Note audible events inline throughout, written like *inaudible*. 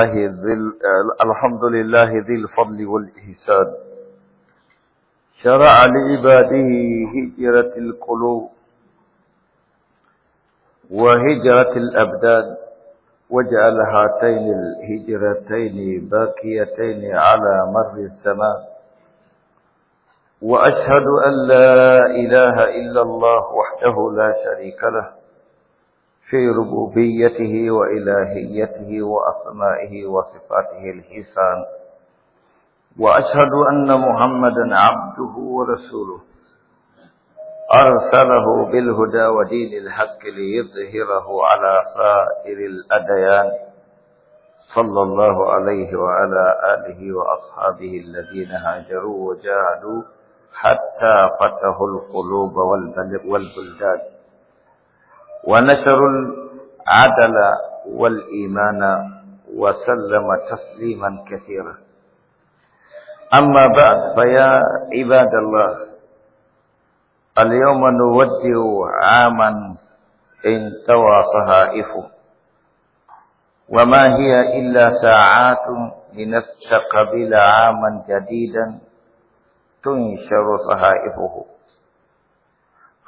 الحمد لله ذي الفضل والإحسان شرع لعباده هجرة القلوب وهجرة الأبدان وجعل هاتين الهجرتين باكيتين على مر السماء وأشهد أن لا إله إلا الله وحده لا شريك له في ربوبيته وإلهيته وأسمائه وصفاته الحسان وأشهد أن محمدا عبده ورسوله أرسله بالهدى ودين الحق ليظهره على سائر الأديان صلى الله عليه وعلى آله وأصحابه الذين هاجروا وجاهدوا حتى فتحوا القلوب والبلدان ونشر العدل والإيمان وسلم تسليما كثيرا أما بعد فيا عباد الله اليوم نودع عاما انتوى صهائفه وما هي إلا ساعات لنستقبل عاما جديدا تنشر صهائفه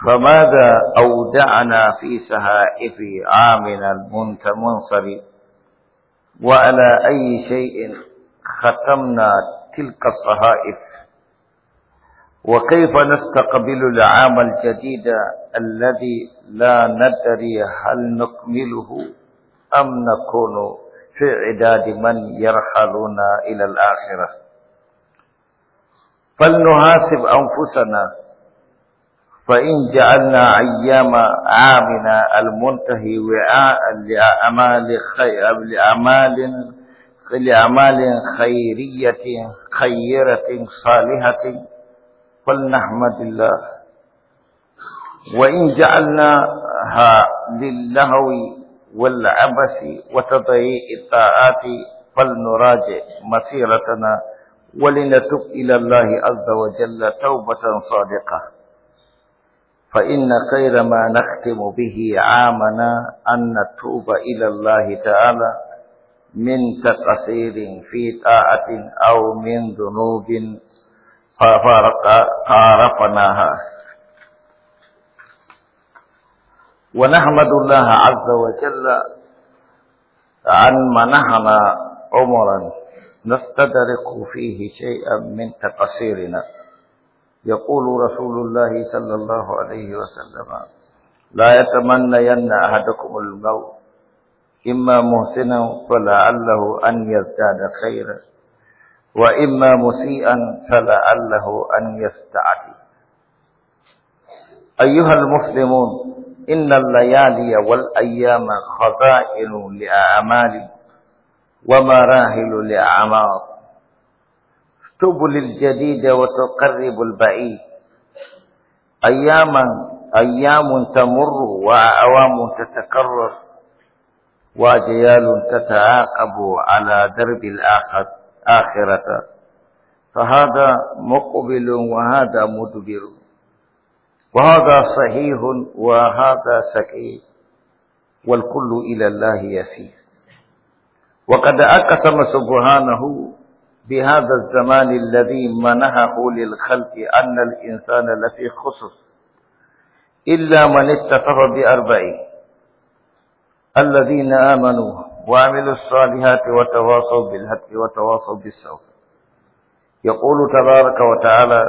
فماذا أودعنا في سهائف عامنا المنصر وعلى أي شيء ختمنا تلك الصهائف وكيف نستقبل العام الجديد الذي لا ندري هل نكمله أم نكون في عداد من يرحلنا إلى الآخرة فلنحاسب أنفسنا فإن جعلنا أيام عامنا المنتهي وعاء لأعمال خير لأعمال لأعمال خيرية خيرة صالحة فلنحمد الله وإن جعلناها للهو والعبث وتضييع الطاعات فلنراجع مسيرتنا ولنتوب إلى الله عز وجل توبة صادقة فإن خير ما نختم به عامنا أن نتوب إلى الله تعالى من تقصير في طاعة أو من ذنوب فارقناها ونحمد الله عز وجل عن منحنا عمرا نستدرك فيه شيئا من تقصيرنا يقول رسول الله صلى الله عليه وسلم لا يتمنى ين أحدكم الموت إما محسنا فلعله أن يزداد خيرا وإما مسيئا فلعله أن يستعد أيها المسلمون إن الليالي والأيام خزائن لأعمال ومراهل لأعمار تبل الجديد وتقرب البعيد أياما أيام تمر وأعوام تتكرر وأجيال تتعاقب على درب الآخرة فهذا مقبل وهذا مدبر وهذا صحيح وهذا سكيت والكل إلى الله يسير وقد أقسم سبحانه بهذا الزمان الذي منحه للخلق أن الإنسان لفي خصص إلا من اتصف بأربع الذين آمنوا وعملوا الصالحات وتواصوا بالحق وتواصوا بالصبر يقول تبارك وتعالى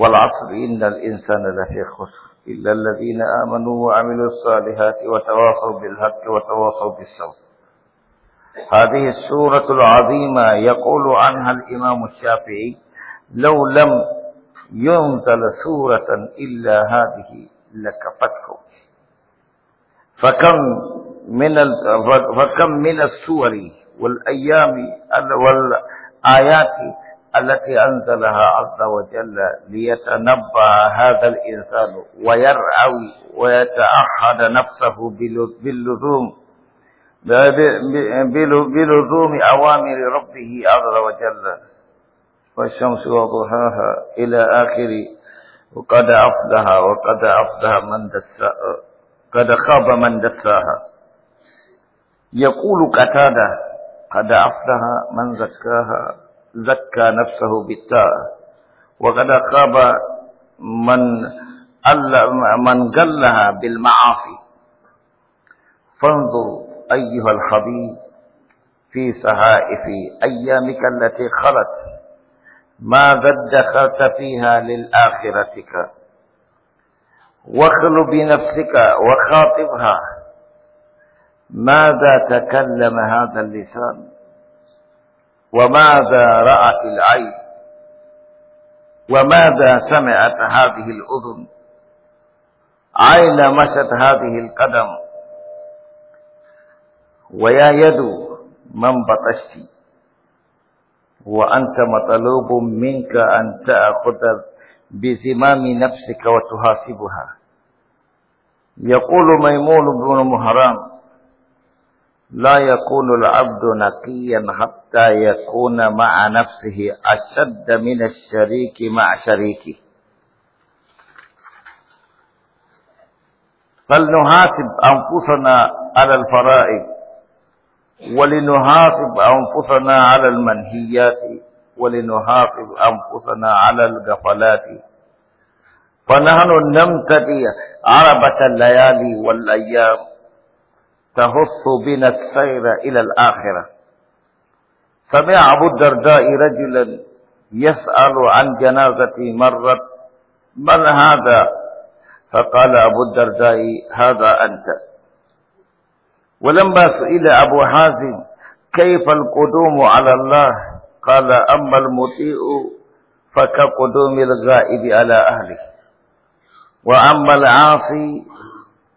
والعصر إن الإنسان لفي خسر إلا الذين آمنوا وعملوا الصالحات وتواصوا بالحق وتواصوا بالصبر هذه السورة العظيمة يقول عنها الإمام الشافعي لو لم ينزل سورة إلا هذه لكفتهم فكم من فكم من السور والأيام والآيات التي أنزلها عز وجل ليتنبه هذا الإنسان ويرعوي ويتعهد نفسه باللزوم بلزوم أوامر ربه عز وجل والشمس وضحاها إلى آخر وقد أفلها وقد أفلها من دساها قد خاب من دساها يقول قتادة قد أفلها من زكاها زكى نفسه بالتاء وقد خاب من من قلها بالمعافي فانظروا أيها الحبيب في صحائف أيامك التي خلت ماذا ادخرت فيها للآخرتك واخل بنفسك وخاطبها ماذا تكلم هذا اللسان وماذا رأت العين وماذا سمعت هذه الأذن أين مشت هذه القدم ويا يد من بطشت وأنت مطلوب منك أن تأخذ بزمام نفسك وتحاسبها يقول ميمون بن مهران لا يكون العبد نقيا حتى يكون مع نفسه أشد من الشريك مع شريكه فلنحاسب أنفسنا على الفرائض ولنحافظ أنفسنا على المنهيات ولنحافظ أنفسنا على الغفلات فنحن نمتدي عربة الليالي والأيام تهص بنا السير إلى الآخرة سمع أبو الدرداء رجلا يسأل عن جنازة مرة من هذا فقال أبو الدرداء هذا أنت ولما سئل أبو حازم كيف القدوم على الله قال أما المطيع فكقدوم الغائب على أهله وأما العاصي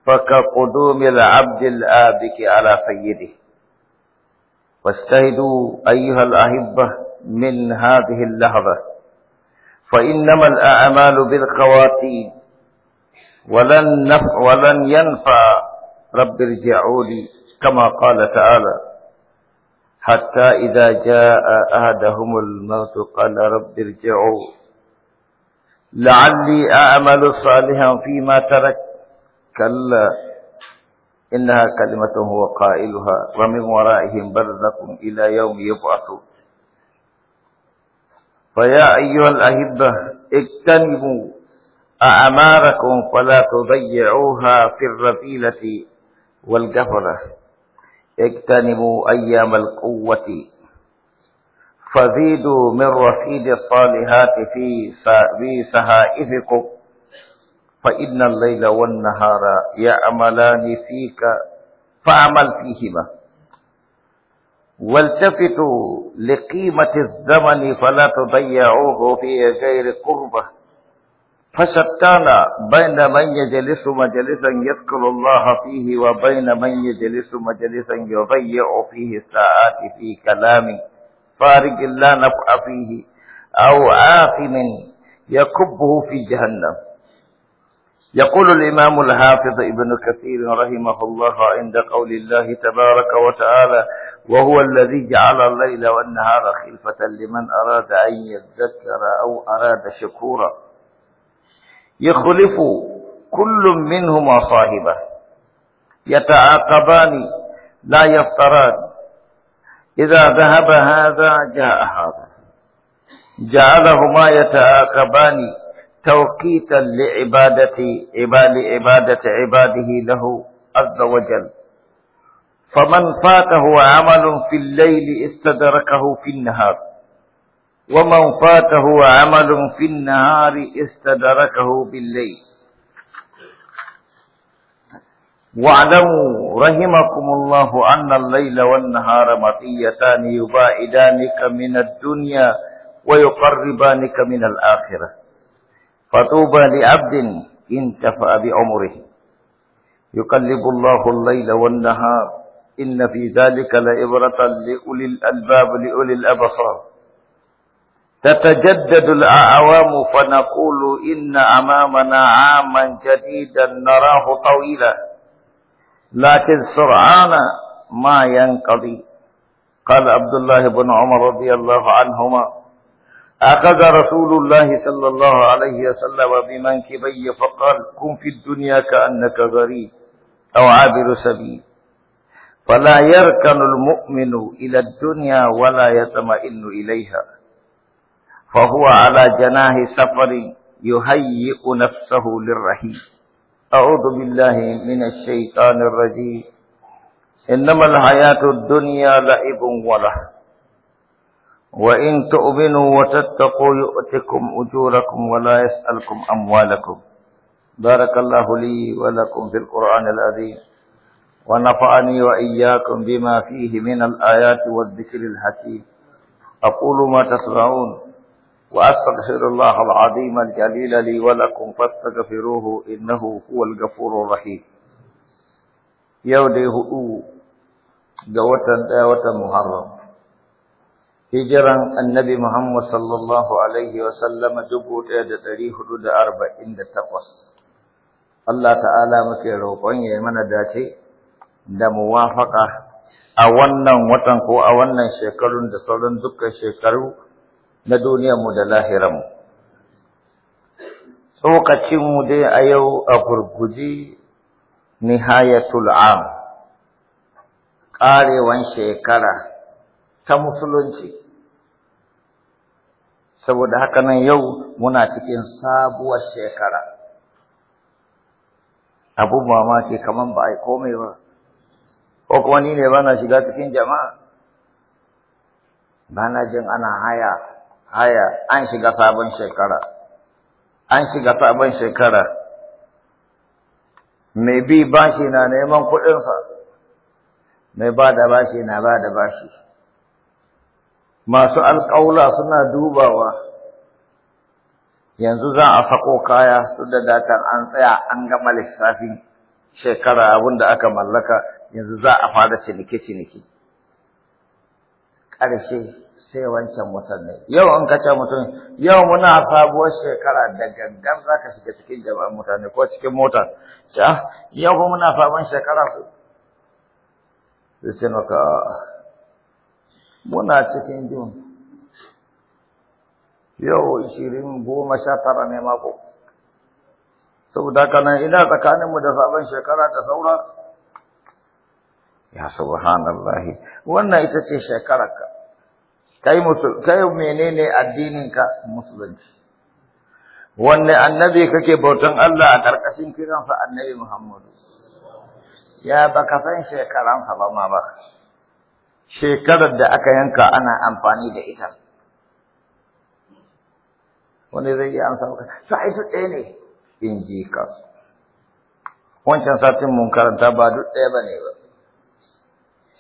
فكقدوم العبد الآبك على سيده واشتهدوا أيها الأحبة من هذه اللحظة فإنما الأعمال بالخواتيم ولن, نفع ولن ينفع رب ارجعوا لي كما قال تعالى حتى إذا جاء أهدهم الموت قال رب ارجعوا لعلي أعمل صالحا فيما ترك كلا إنها كلمة هو قائلها ومن ورائهم برزق إلى يوم يبعثون فيا أيها الأهبة اجتنبوا أعماركم فلا تضيعوها في الرذيلة والجفلة اجتنبوا أيام القوة فزيدوا من رصيد الصالحات في في سهائفكم فإن الليل والنهار يعملان فيك فاعمل فيهما والتفتوا لقيمة الزمن فلا تضيعوه في غير قربه فشتان بين من يجلس مجلسا يذكر الله فيه وبين من يجلس مجلسا يضيع فيه الساعات في كلام فارق لا نفع فيه أو آثم يكبه في جهنم يقول الإمام الحافظ ابن كثير رحمه الله عند قول الله تبارك وتعالى وهو الذي جعل الليل والنهار خلفة لمن أراد أن يذكر أو أراد شكورا يخلف كل منهما صاحبه يتعاقبان لا يفتران إذا ذهب هذا جاء هذا جعلهما يتعاقبان توقيتا لعبادة عباد عبادة عباده له عز وجل فمن فاته عمل في الليل استدركه في النهار ومن فاته عمل في النهار استدركه بالليل واعلموا رحمكم الله أن الليل والنهار مطيتان يباعدانك من الدنيا ويقربانك من الآخرة فطوبى لعبد انتفأ بعمره يقلب الله الليل والنهار إن في ذلك لعبرة لأولي الألباب لأولي الأبصار تتجدد الأعوام فنقول إن أمامنا عاما جديدا نراه طويلا لكن سرعان ما ينقضي قال عبد الله بن عمر رضي الله عنهما أخذ رسول الله صلى الله عليه وسلم بمنكبي فقال كن في الدنيا كأنك غريب أو عابر سبيل فلا يركن المؤمن إلى الدنيا ولا يطمئن إليها فهو على جناه سفر يهيئ نفسه للرحيل أعوذ بالله من الشيطان الرجيم إنما الحياة الدنيا لعب وله وإن تؤمنوا وتتقوا يؤتكم أجوركم ولا يسألكم أموالكم بارك الله لي ولكم في القرآن العظيم ونفعني وإياكم بما فيه من الآيات والذكر الحكيم أقول ما تسمعون وأستغفر الله العظيم الجليل لي ولكم فاستغفروه إنه هو الغفور الرحيم يودي هؤو قوة وتا محرم هجرا النبي محمد صلى الله عليه وسلم جبوت إيد تريه دود أربعين تقص Allah ta'ala muke roƙon ya mana dace da muwafaka a wannan watan ko a wannan shekarun da sauran dukkan shekaru na mu da mu. lahiranmu. Tsokacinmu dai a yau a gurguji nihayatul am, ƙarewan shekara ta musulunci. Saboda haka nan yau muna cikin sabuwar shekara. Abun mamaki kamar ba a yi komai ba, ko kuma ni ne ba na shiga cikin jama'a, ba jin ana haya. haya an shiga sabon shekara an shiga sabon shekara mai bi bashi na neman kuɗinsa mai ba da bashi na ba da bashi masu alƙaula suna dubawa yanzu za a sako kaya su da datar an tsaya an gama lissafin shekara abin da aka mallaka yanzu za a fara cinike-cinike ƙarshe sai wancan mutum ne yau an kace mutum yau muna sabuwar shekara da gangan zaka shiga cikin jama'an mutane ko cikin mota Ya yau kuma muna sabon shekara ko sai maka muna cikin jin yau ishirin goma sha tara ne mako saboda haka nan ina tsakaninmu da sabon shekara ta saura ya subhanallahi wannan ita ce ka kai musu kai menene addininka musulunci wanne annabi kake bautan Allah a karkashin kiransa annabi Muhammad ya baka san shekaran ba ma ba shekarar da aka yanka ana amfani da ita Wani zai iya amsa maka sai su ɗaya ne in ji ka wancan satin mun karanta ba duk ɗaya bane ba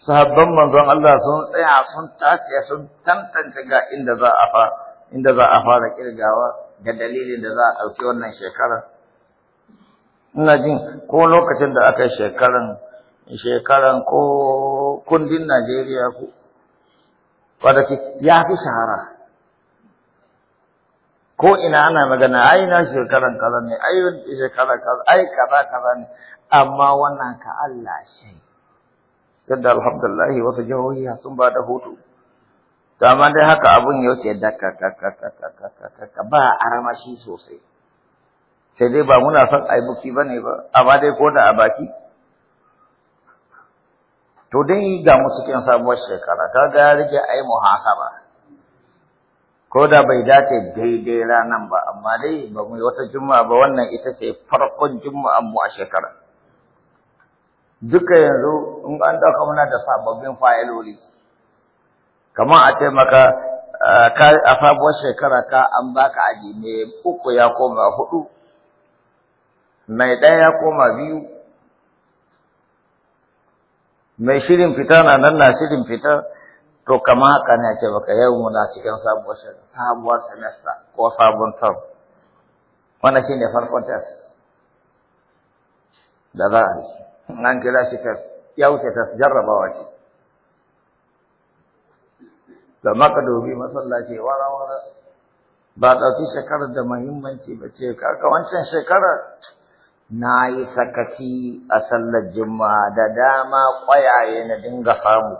sahabban manzon Allah sun tsaya sun tace sun tantance ga inda za a fa inda za a fara kirgawa ga dalilin da za a ɗauki wannan shekara ina jin ko lokacin da aka shekaran shekaran ko kundin Najeriya ko wadaki ya fi shahara ko ina ana magana ai na shekaran kaza ne ai shekaran kaza ai kaza kaza ne amma wannan ka Allah shi yadda alhamdulillah wasu jihohi sun ba da hutu to amma dai haka abun ya wuce da ka ka ka ka ka ka ka ba sosai sai dai ba muna son ai buki bane ba amma dai ko da a baki to dai ga mu cikin sabuwar shekara kaga ya rike ai muhasaba ko da bai dace daidai ranan ba amma dai ba mu yi wata juma'a ba wannan ita ce farkon juma'a mu a shekara duka yanzu in an ɗauka muna da sababbin fayiloli kamar a ce maka eh, a sabuwar shekara ka an baka aji mai uku ya koma hudu mai ɗaya ya koma biyu mai shirin fita na nan na shirin fita to kamar haka ne ce baka yau muna cikin sabuwar sabuwar ko sabon term wannan shine farkon tes da za a yi an kira shi ta ya wuce jarrabawa ce da maka dobi masallaci wara wara ba ɗauki shekarar da muhimmanci ba ce ka wancan shekarar na yi sakaci a sallar juma'a da dama ƙwayaye na dinga samu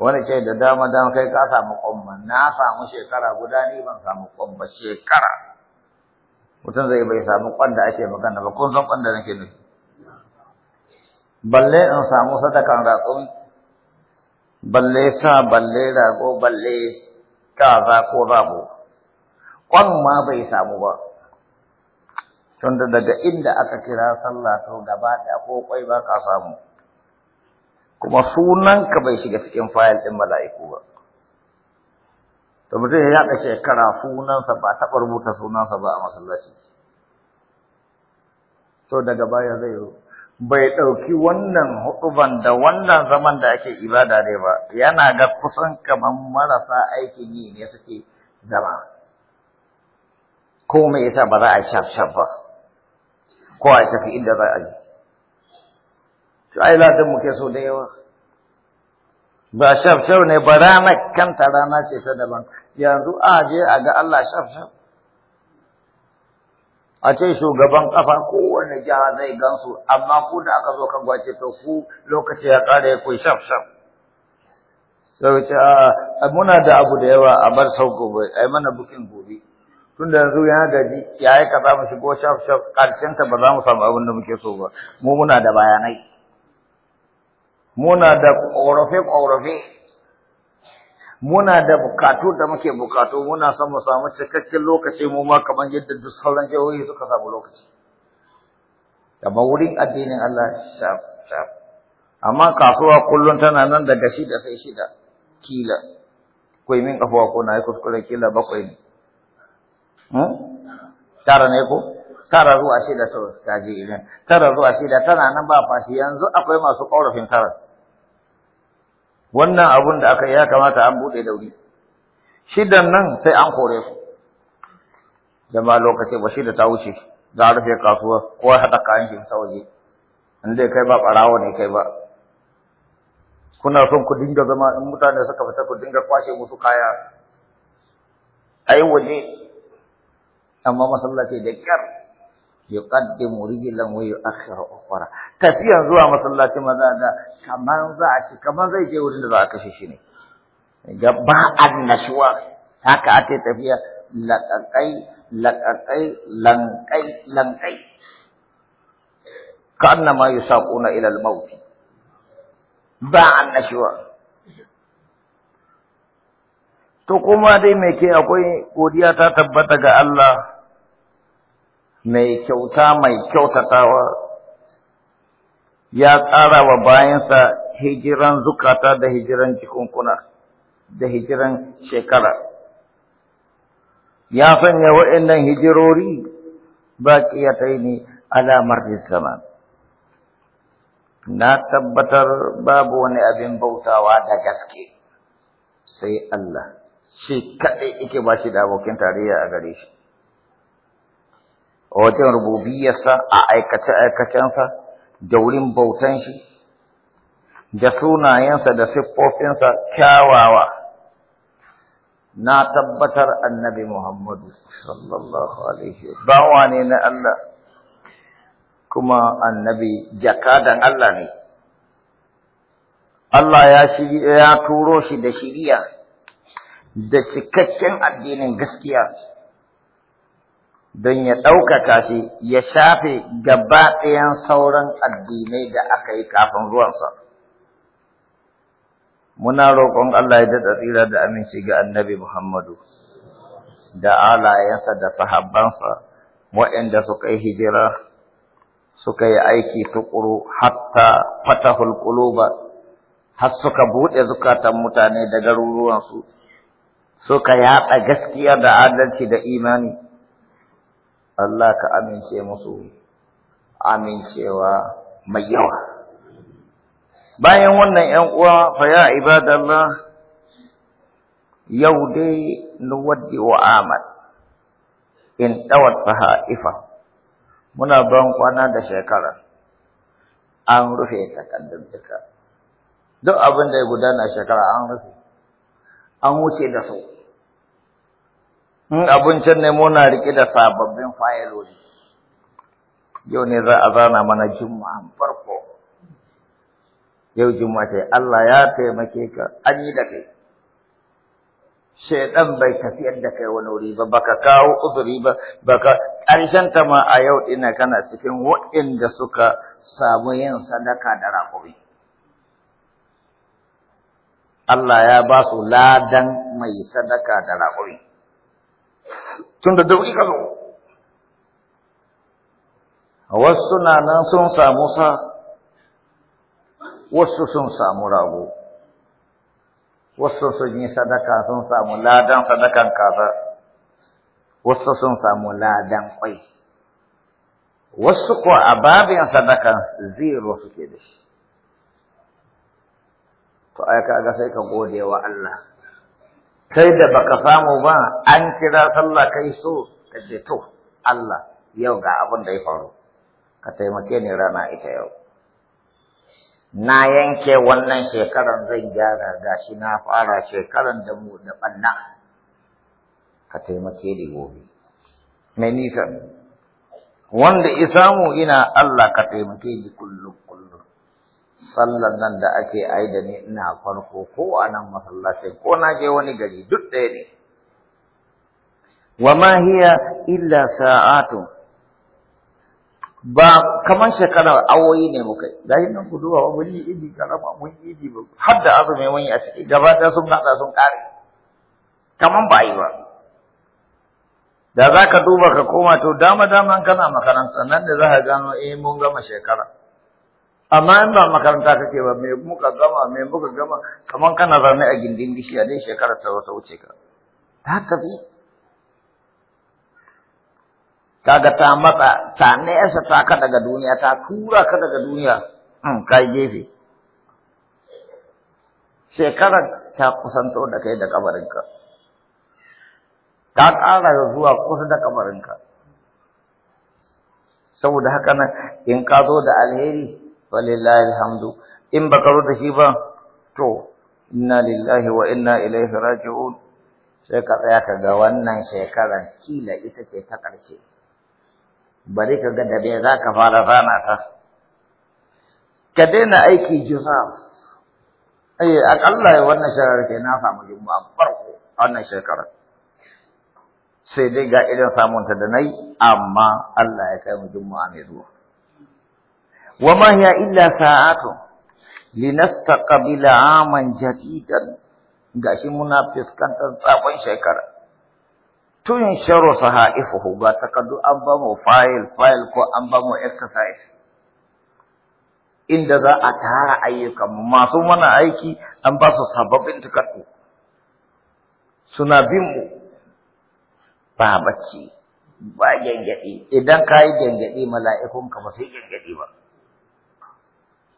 wani ce da dama dama kai ka samu ƙwamma na samu shekara guda ne ban samu ƙwamma shekara mutum zai bai samu ƙwan ake magana ba kun san ƙwan nake nufi balle in samu sadakan raƙumi balle sa balle rago balle za ko rago kwan ma bai samu ba tunda daga inda aka kira sallah to gaba da ko kwai ba ka samu kuma sunanka bai shiga cikin fayil ɗin mala'iku ba to mutum ya yaɗa shekara sunansa ba taɓa rubuta sunansa ba a masallaci to daga baya zai bai ɗauki wannan huɗuban da wannan zaman da ake ibada ne ba yana ga kusan kamar marasa aikin yi ne suke zama ko mai yasa ba za a shaf ba ko a tafi inda za a je to ai ladan ke so da yawa ba shaf ne ba ranar kanta rana ce ta daban yanzu a je a ga Allah shaf shaf a ce shugaban kafa kowane jiha zai gansu amma ku da aka zo kan gwace to ku lokaci ya kare ku shaf shaf sai ce muna da abu da yawa a bar sau gobe ai mana bukin gobe tunda yanzu ya gaji ya yi za mu shigo shaf shaf karshen ta ba za mu samu abin da muke so ba mu muna da bayanai muna da ƙorafe ƙorafe muna da bukatu da muke bukatu muna son mu samu cikakken lokaci mu ma kamar yadda duk sauran jihohi suka samu lokaci kamar wurin addinin Allah shaf shaf amma kasuwa kullum tana nan daga shida sai shida kila ko min kafuwa ko na yi kullun kila bakwai ne hmm? tara ne ko tara zuwa shida to kaji irin tara zuwa shida tana nan ba fashi yanzu akwai masu ƙorafin tara wannan abun da aka ya kamata an buɗe da wuri shidan nan sai an kore su jama lokaci ba da ta wuce za a rufe kasuwa kowa haɗa kayan shi ta waje An dai kai ba ɓarawo ne kai ba kuna son ku dinga zama in mutane suka fita ku dinga kwashe musu kaya ai waje amma masallaci da kyar يقدم رجلا ويؤخر اخرى كثيرا زوا مثل الله كما ذا كما ذا كما ذا يجي ورين ذا كشيشيني جبا ادنا شوا هكا اتي تفيا لقاي لقاي لنقاي لنقاي كانما يساقون الى الموت با ادنا شوا to kuma dai me ke akwai godiya ta tabbata ga Allah mai kyauta mai kyautatawa ya tsara wa bayansa hijiran zukata da hijiran cikunkuna da hijiran shekara ya sanya waɗannan hijirori baƙiyatai ne alamar zama. na tabbatar babu wani abin bautawa da gaske sai Allah shi kaɗai ike ba shi da abokin tarayya a gare shi wajen rububiyarsa a aikace-aikacensa da wurin bautan shi da sunayensa da siffofinsa kyawawa na tabbatar annabi Muhammadu sallallahu alaihi bawa ne na Allah kuma annabi jakadan Allah ne Allah ya ya turo shi da shiriya da cikakken addinin gaskiya don ya ɗaukaka shi ya shafe gaba ɗayan sauran addinai da aka yi kafin ruwansa. Muna roƙon Allah ya daɗa tsira da aminci ga annabi Muhammadu, da alayensa da sahabbansa waɗanda suka yi hijira, suka yi aiki tuƙuru hatta fatahul hulƙuluba, har suka buɗe zukatan mutane da garuruwansu, suka yaɗa gaskiya da adalci da imani. Allah ka amince musu amincewa mai yawa bayan wannan ƴan uwa fa ya ibadallah yau dai nuwaddi wa amal in dawat faha ifa muna ban kwana da shekara an rufe takaddun duka duk abin da ya gudana shekara an rufe an wuce da su in hmm? abincin ne muna rike da sababbin fayiloli yau ne za a zana mana juma'a farko yau juma'a ce Allah ya taimake ka an yi da kai shaidan bai tafiyar da kai wani wuri ba baka kawo uzuri ba baka ƙarshen ta ma a yau ina kana cikin waɗanda suka samu yin sadaka da raƙumi Allah ya ba su ladan mai sadaka da raƙumi tun da dauki ka zo wasu na nan sun samu sa wasu sun samu rago wasu sun yi sadaka sun samu ladan sadakan kaza wasu sun samu ladan kwai wasu ko a babin sadakan zero suke da shi to ai kaga sai ka gode wa Allah Sai da baka samu ba an kira sallah kai so ka ce to Allah yau ga abin da ya faru ka taimake ni rana ita yau na yanke wannan shekaran zan gyara gashi na fara shekaran da mu da banna ka taimake ni gobe mai nisan wanda isamu ina Allah ka taimake ni kullum sallan nan da ake ai da ni ina farko ko a nan masallacin ko na je wani gari duk ɗaya ne wa ma hiya illa sa'atu ba kamar shekara awoyi ne muka yi yin nan ku duba ba mun yi idi karama mun yi idi ba har da azumi mun yi a ciki gaba ɗaya sun haɗa sun ƙare kamar ba yi ba da za ka duba ka koma to dama dama kana makaranta nan da za ka gano eh mun gama shekara amma in ba makaranta kake ba me muka gama me muka gama kaman kana zaune a gindin bishiya dai shekarar ta wata wuce ka ta tafi kaga ta matsa ta nesa ta ka daga duniya ta tura ka daga duniya in hmm, yi gefe shekarar ta kusanto da kai da kabarinka ta ƙara zuwa kusa da kabarinka saboda haka nan in ka zo da alheri walillahi alhamdu in ba karo da shi ba to inna lillahi wa inna ilaihi raji'un sai ka tsaya ka ga wannan shekaran kila ita ce ta ƙarshe bari ka ga da me za ka fara rana ta ka daina aiki jusa eh akalla wannan shekarar ke na samu juma'a farko wannan shekarar sai dai ga irin samunta da na yi amma Allah ya kai mu juma'a mai zuwa وما هي إلا ساعات لنستقبل عاما جديدا gashi muna fuskantar sabon shekara tun sharo sahaifuhu ga takardu an ba mu file file ko an ba mu exercise inda za a tara ayyukan masu mana aiki an ba su sababbin takardu suna bin mu ba bacci ba gyangyaɗi idan ka yi gyangyaɗi mala'ikunka ba sai gyangyaɗi ba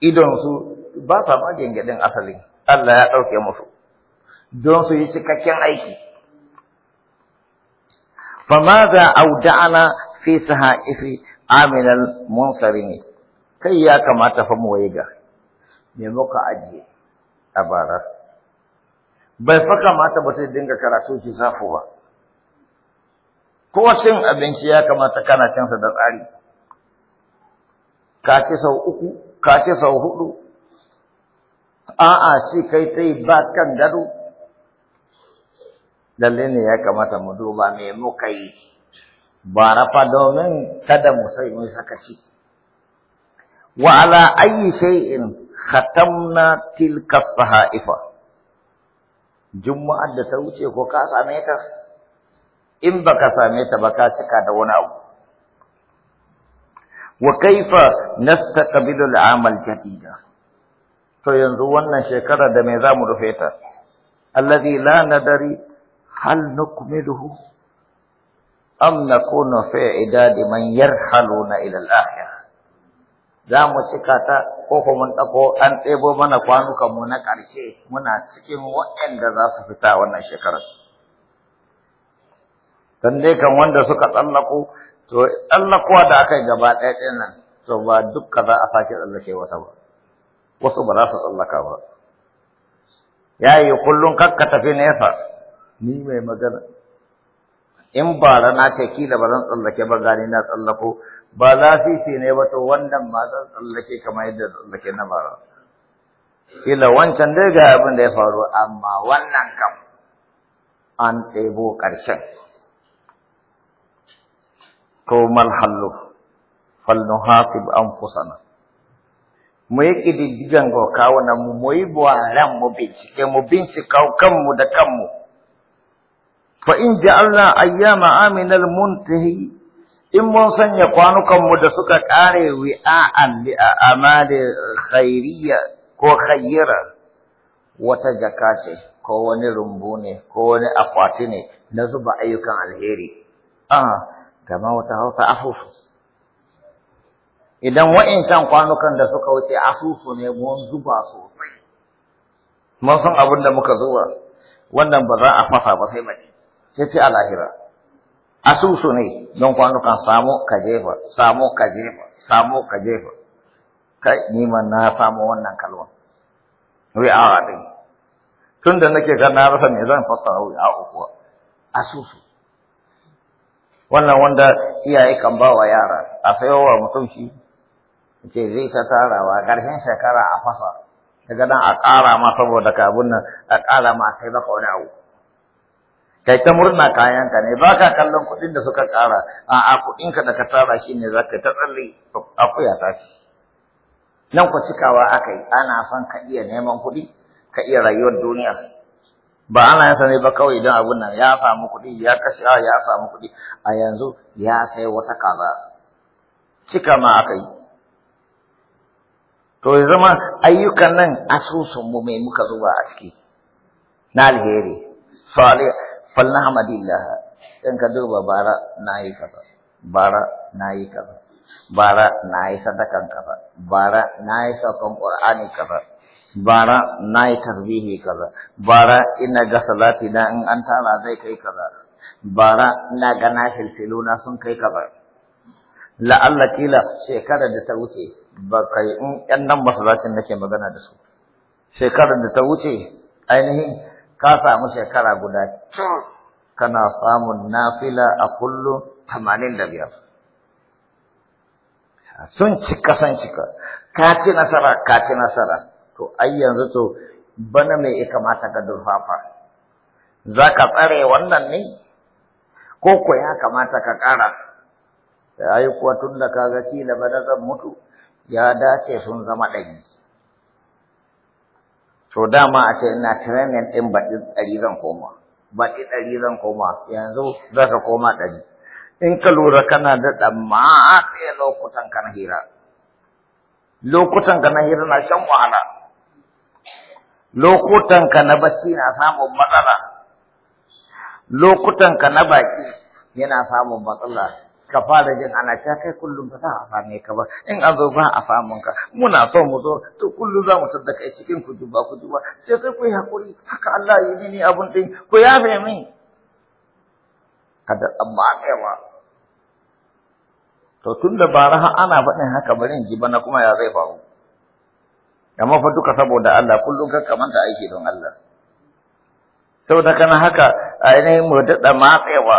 idonsu ba sa ma asali Allah ya ɗauke musu don su yi cikakken aiki za auda'ana fi ifi aminal munsarini kai ya kamata fa mu ga, me muka ajiye a bara bai fa kamata ba sai dinga karatu ki safu ba ko cin abinci ya kamata kana cin sa da tsari ka ci sau uku ka sau hudu a'a shi kai ta yi ba kan gado lalle ne ya kamata mu duba me muka yi ba rafa domin kada mu sai mu sakaci wa ala ayi shay'in khatamna tilka sahaifa juma'ar da ta wuce ko ka same ta in baka same ta ba ka cika da wani abu وكيف نستقبل العام الجديد to yanzu wannan shekara da me zamu rufe ta alladhi la nadari hal nukmiluhu am nakunu fi idadi man yarhaluna ila al akhir zamu cika ta ko ko mun dako an tsebo mana kwanukan mu na karshe muna cikin waɗanda za su fita wannan shekarar dan dai kan wanda suka tsallako to tsallakowa da aka yi gaba ɗaya ɗaya nan to ba dukka za a sake tsallake wata ba wasu ba za su tsallaka ba ya yi kullum kakka tafi nesa ni mai magana in ba rana ce kila ba zan tsallake ba gani na tsallako ba za su yi ne ba to wannan ma zan tsallake kamar yadda tsallake na bara kila wancan dai ga abin da ya faru amma wannan kam an ɗebo ƙarshen Ko mal hallu fal nuhasib anfusana mu yi ƙididdigan ga na mu mu yi buwaran mu bincike mu bincika kanmu da kanmu fa in Allah ayyama aminal muntahi in mun sanya kwanukanmu da suka ƙare wi'a'an li amali khairiyya ko khayyira wata jaka ce ko wani rumbu ne ko wani akwati ne na zuba ayyukan alheri ah kama wata hausa afufu idan wa'incan kwanukan da suka wuce asusu ne mun zuba sosai mun san abin da muka zuba wannan ba za a fasa ba sai mace sai ce a lahira asusu ne don kwanukan samu ka jefa samu ka jefa samu ka jefa kai ni ma na samu wannan kalwa, wai awa din tunda nake ga na rasa me zan wai a uku asusu wannan wanda iyaye kan ba wa yara a sayo wa mutum shi ce zai ta tarawa ƙarshen shekara a fasa daga nan a ƙara ma saboda kabin nan a ƙara ma sai maka wani abu kai ta murna kayan ka ne baka kallon kuɗin da suka ƙara a a kuɗin ka da ka tara shi ne zaka ta tsalle akuya ta ci nan ku cikawa akai ana son ka iya neman kuɗi ka iya rayuwar duniya ba ana ya sani ba kawai idan abun nan ya samu kuɗi ya kashe ah, ya samu kuɗi a yanzu ya sai wata kaza cika ma aka yi to ya zama ayyukan nan asusun mu mai muka zuba a ciki na alheri salih falhamdillah in ka duba bara nayi kaza bara nayi kaza bara nayi sadakan kaza bara nayi yi qur'ani kaza bara na yi tarbihi kaza bara ina ga salati na in an tara zai kai kaza bara ina ga na na sun kai kaza la'alla kila shekarar da ta wuce ba kai in yan nan masalacin nake magana da su shekarar da ta wuce ainihin ka samu shekara guda kana samun nafila a kullum tamanin da biyar sun cika sun cika ka ci nasara ka ci nasara to ai yanzu to bana me ya kamata ka durfafa za ka tsare wannan ne ko ko ya kamata ka ƙara da ai kuwa tun da ka ga da bana zan mutu ya dace sun zama ɗari to dama a ce ina training ɗin baɗi ɗari zan koma baɗi ɗari zan koma yanzu za ka koma ɗari in ka lura kana da ɗamma a lokutan kana hira lokutan kana hira na shan wahala lokutanka na bacci na samun matsala lokutanka na baki yana samun matsala ka fara jin ana ta kai kullum ba za a same ka ba in an zo ba a samun ka muna so mu zo to kullum za mu sadda cikin ku duba ku duba sai sai ku yi hakuri haka Allah ya yi ni abun din ku bai min kada amma kaiwa to tunda ba raha ana faɗin haka bari in ji bana kuma ya zai faru amma fa duka saboda Allah kullum ka kamanta aiki don Allah saboda kana haka ainihin mu daɗa matsewa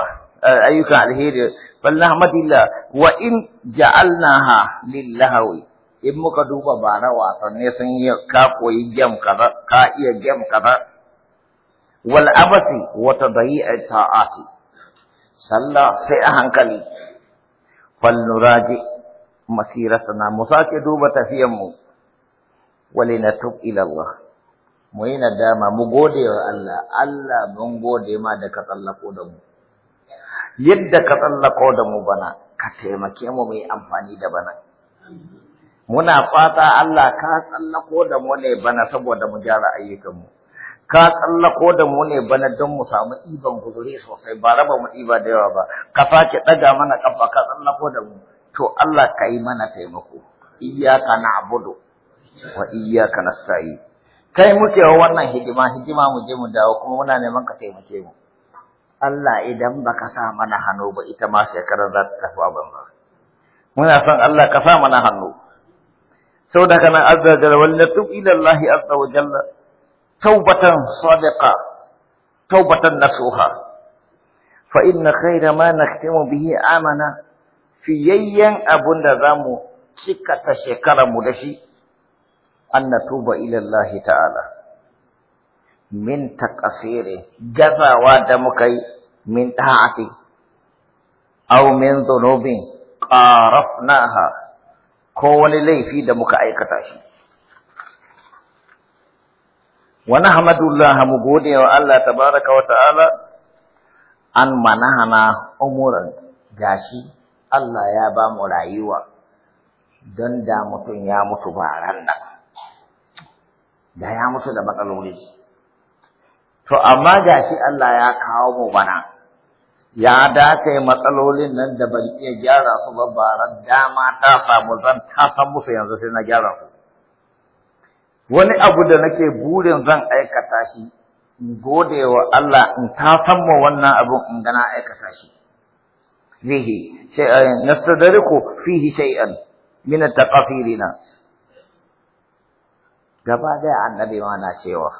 ayyukan alheri fallahamadillah wa in ja'alnaha lillahi in muka duba bara wasanni sun yi ka koyi gem kaza ka iya gem kaza wal abasi wa tadayyi ta'ati sallah sai a hankali fal nuraji na mu sake duba tafiyan mu walinatub ila Allah mu yi nadama mu gode wa Allah Allah mun gode ma da ka tsallako da mu yadda ka tsallako da mu bana ka taimake mu mu yi amfani da bana muna fata Allah ka tsallako da mu ne bana saboda mu gyara mu ka tsallako da mu ne bana don mu samu iban guzuri sosai ba raba mu iba da yawa ba ka sake ɗaga mana kafa ka tsallako da mu to Allah ka yi mana taimako iyyaka na'budu wa iyyaka nasta'in kai muke wa wannan hidima hidima mu je mu dawo kuma muna neman ka taimake mu Allah idan baka sa mana hannu ba ita ma shekarar za ta tafi ba. muna son Allah ka sa mana hannu saboda kana azza jalla wallatu ila Allah azza wa jalla taubatan sadiqa taubatan nasuha fa inna khayra ma mu bihi amana fiyayyan abunda zamu cika ta shekarar mu da shi an natuba ila Allah ta'ala min taqsiri gazawa da muka yi min ta'ati aw min dhunubin qarafnaha ko wani laifi da muka aikata shi wa nahmadullah mu gode wa Allah tabaraka wa ta'ala an manahana umuran gashi Allah ya ba mu rayuwa don da mutum ya mutu ba ran nan da ya mutu da matsaloli to amma ga shi Allah ya kawo mu bana ya dace matsalolin nan da ban iya gyara su ba dama ta samu zan ta san musu yanzu sai na gyara su wani abu da nake burin zan aikata shi in gode wa Allah in ta san mu wannan abun in gana aikata shi fihi sai eh, nastadariku fihi shay'an min at-taqafirina gaba ɗaya annabi ma na cewa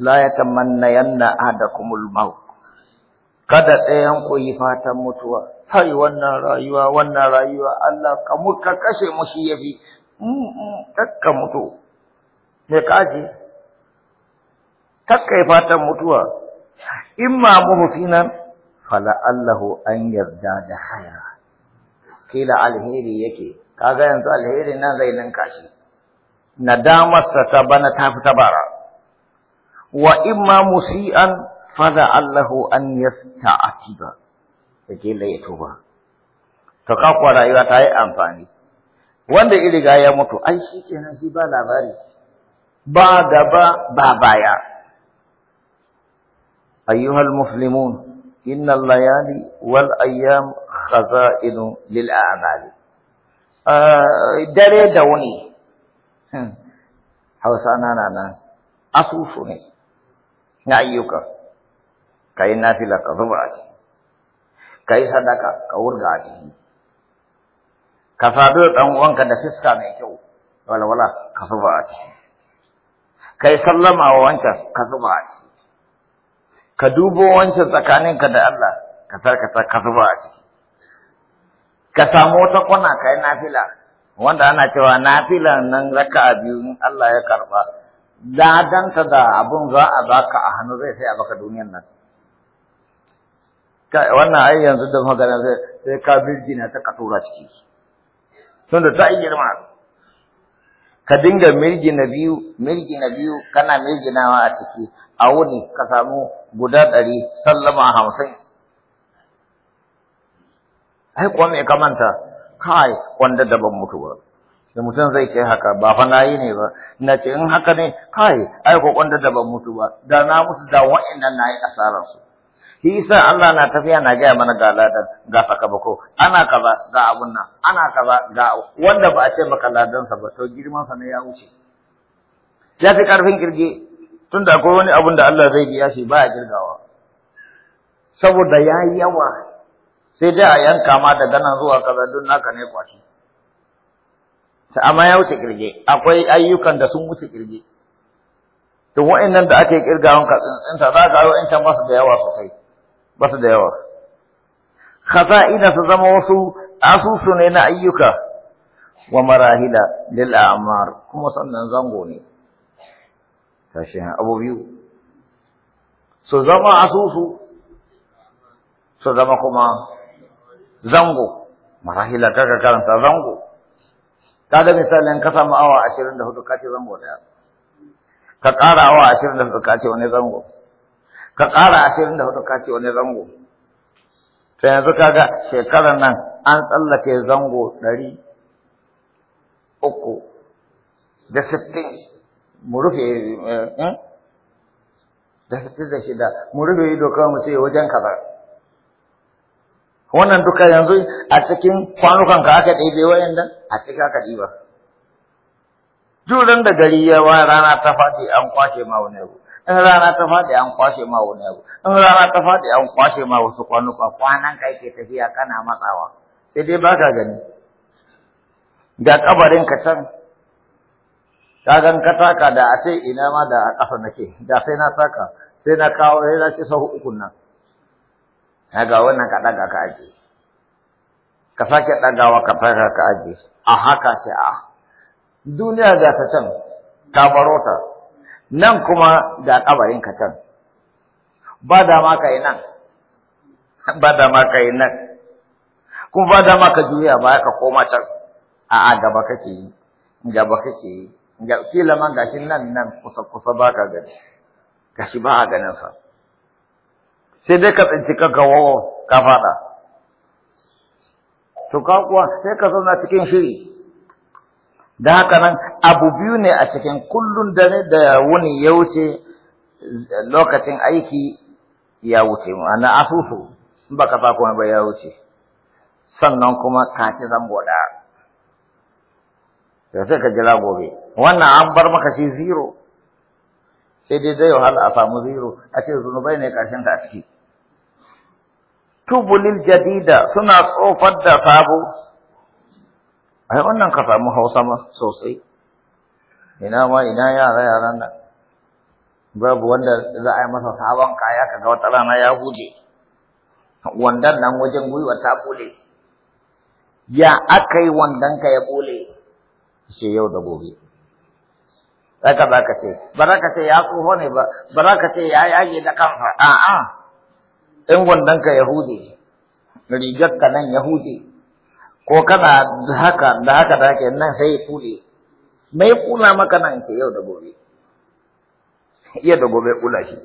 la ya yatamanna yanna adakumul maut kada ɗayan ku yi fatan mutuwa kai wannan rayuwa wannan rayuwa Allah ka muka kashe mu shi yafi takka mutu me kaji takka fatan mutuwa In ma imma muhsinan fala Allahu an yarda da haya kila alheri yake kaga yanzu alheri nan zai ninka shi ندامت ستبنى تفتبارا وإما مسيئا فذا الله أن يستعتب يجيل يتوبا تقاقوا على إيواتاي أنفاني وأنت إلي غاية موتو أي شيء كنا جيبا لغاري با دبا با بايا أيها المسلمون إن الليالي والأيام خزائن للأعمال آه دري دوني Hmm. hausa na nan asusu ne na ayyuka ka yi nafila ka zuba a ciki ka yi sadaka ka wurga a ciki ka sadu da ɗan uwanka da fiska mai kyau walwala ka zuba a ciki ka yi sallama wa wancan ka zuba a ciki ka dubo wancan tsakaninka da Allah ka tarkata ka zuba a ciki ka samu wata kwana ka yi nafila wanda ana cewa filan nan raka a biyu in Allah ya karba danta da abun za a baka a hannu zai sai a baka duniyan nan wannan ai yanzu da magana sai ka na ta katura ciki ciki tunda ta yi girma ka dinga na biyu na biyu kana mirginawa a ciki a wuni ka samu guda ɗari sallama hamsin ai kuwa me ka kai wanda daban mutu ba da mutum zai ce haka ba fa nayi ne ba ina ce in haka ne kai ai ko kwanda da mutu ba da na mutu da wa'annan nayi asarar su shi yasa Allah na tafiya na gaya mana ga ladan ga sakamako ana kaza ga abun nan ana kaza ga wanda ba a ce maka ladan sa ba to girman sa ne ya wuce ya fi karfin kirge tunda akwai wani abun da Allah zai biya shi ba ya kirgawa saboda ya yawa sai dai a yanka ma daga nan zuwa kaza duk naka ne kwashi ta amma ya wuce kirge akwai ayyukan da sun wuce kirge to wa'annan da ake kirgawan ka ta za ka in can su da yawa sosai su da yawa ina su zama wasu asusu ne na ayyuka wa marahila lil a'mar kuma sannan zango ne tashi abu biyu su zama asusu su zama kuma zango marahila kaka karanta zango da misalin ka samu awa ashirin da hudu ka ce zango daya ka ƙara awa ashirin da hudu ka ce wani zango ka ƙara ashirin da hudu ka ce wani zango ta yanzu kaga shekarar nan an tsallake zango ɗari uku da sittin mu rufe eh, hmm? da sittin da shida mu rufe ido kawai mu ce wajen kaza wannan duka yanzu a cikin kwanukan ka aka ɗebe wayannan a cikin aka ɗiba Juran da gari ya wa rana ta faɗi an kwashe ma wani abu in rana ta faɗi an kwashe ma wani abu in rana ta faɗi an kwashe ma wasu kwanuka kwanan ka yake tafiya kana matsawa sai dai ka gani ga kabarin ka can ka gan ka taka da a sai ina ma da a ƙasa nake da sai na taka sai na kawo sai na ci sau uku nan Kaga wannan ka ɗaga ka aje ka sake dagawa ka fara ka aje a haka ce a duniya za ta can ta baro ta nan kuma da kabarin ka can ba da ka yi nan ba da ka yi nan kuma ba da ma ka juya ba ka koma can a'a gaba kake yi gaba kake yi ga kila ma gashin nan nan kusa kusa ba ka gani gashi ba a ganin sa sai dai ka tsinci kanka wawo ka fada to ka kuwa sai ka zauna cikin shiri da haka nan abu biyu ne a cikin kullun ne da wuni ya wuce lokacin aiki ya wuce ma'ana asusu in ba ka kuma ba ya wuce sannan kuma ka ci zango da da sai ka jira gobe wannan an bar maka shi zero sai dai zai wahala a samu zero a ce zunubai ne karshen ka a ciki tubulil jadida suna tsofar da sabo ai wannan ka samu hausa ma sosai ina ma ina yara yaran nan babu wanda za a yi masa sabon kaya kaga wata rana ya huje wandan nan wajen gwiwa ta bule ya aka yi wandan ka ya bule sai yau da gobe zaka ba ka ce ba za ka ce ya tsoho ne ba ba za ka ce ya yage da kansa a'a in ka yahudi ka nan yahudi ko kana da haka da haka da haka nan sai ya kule mai kula maka nan ke yau da gobe iya da gobe kula shi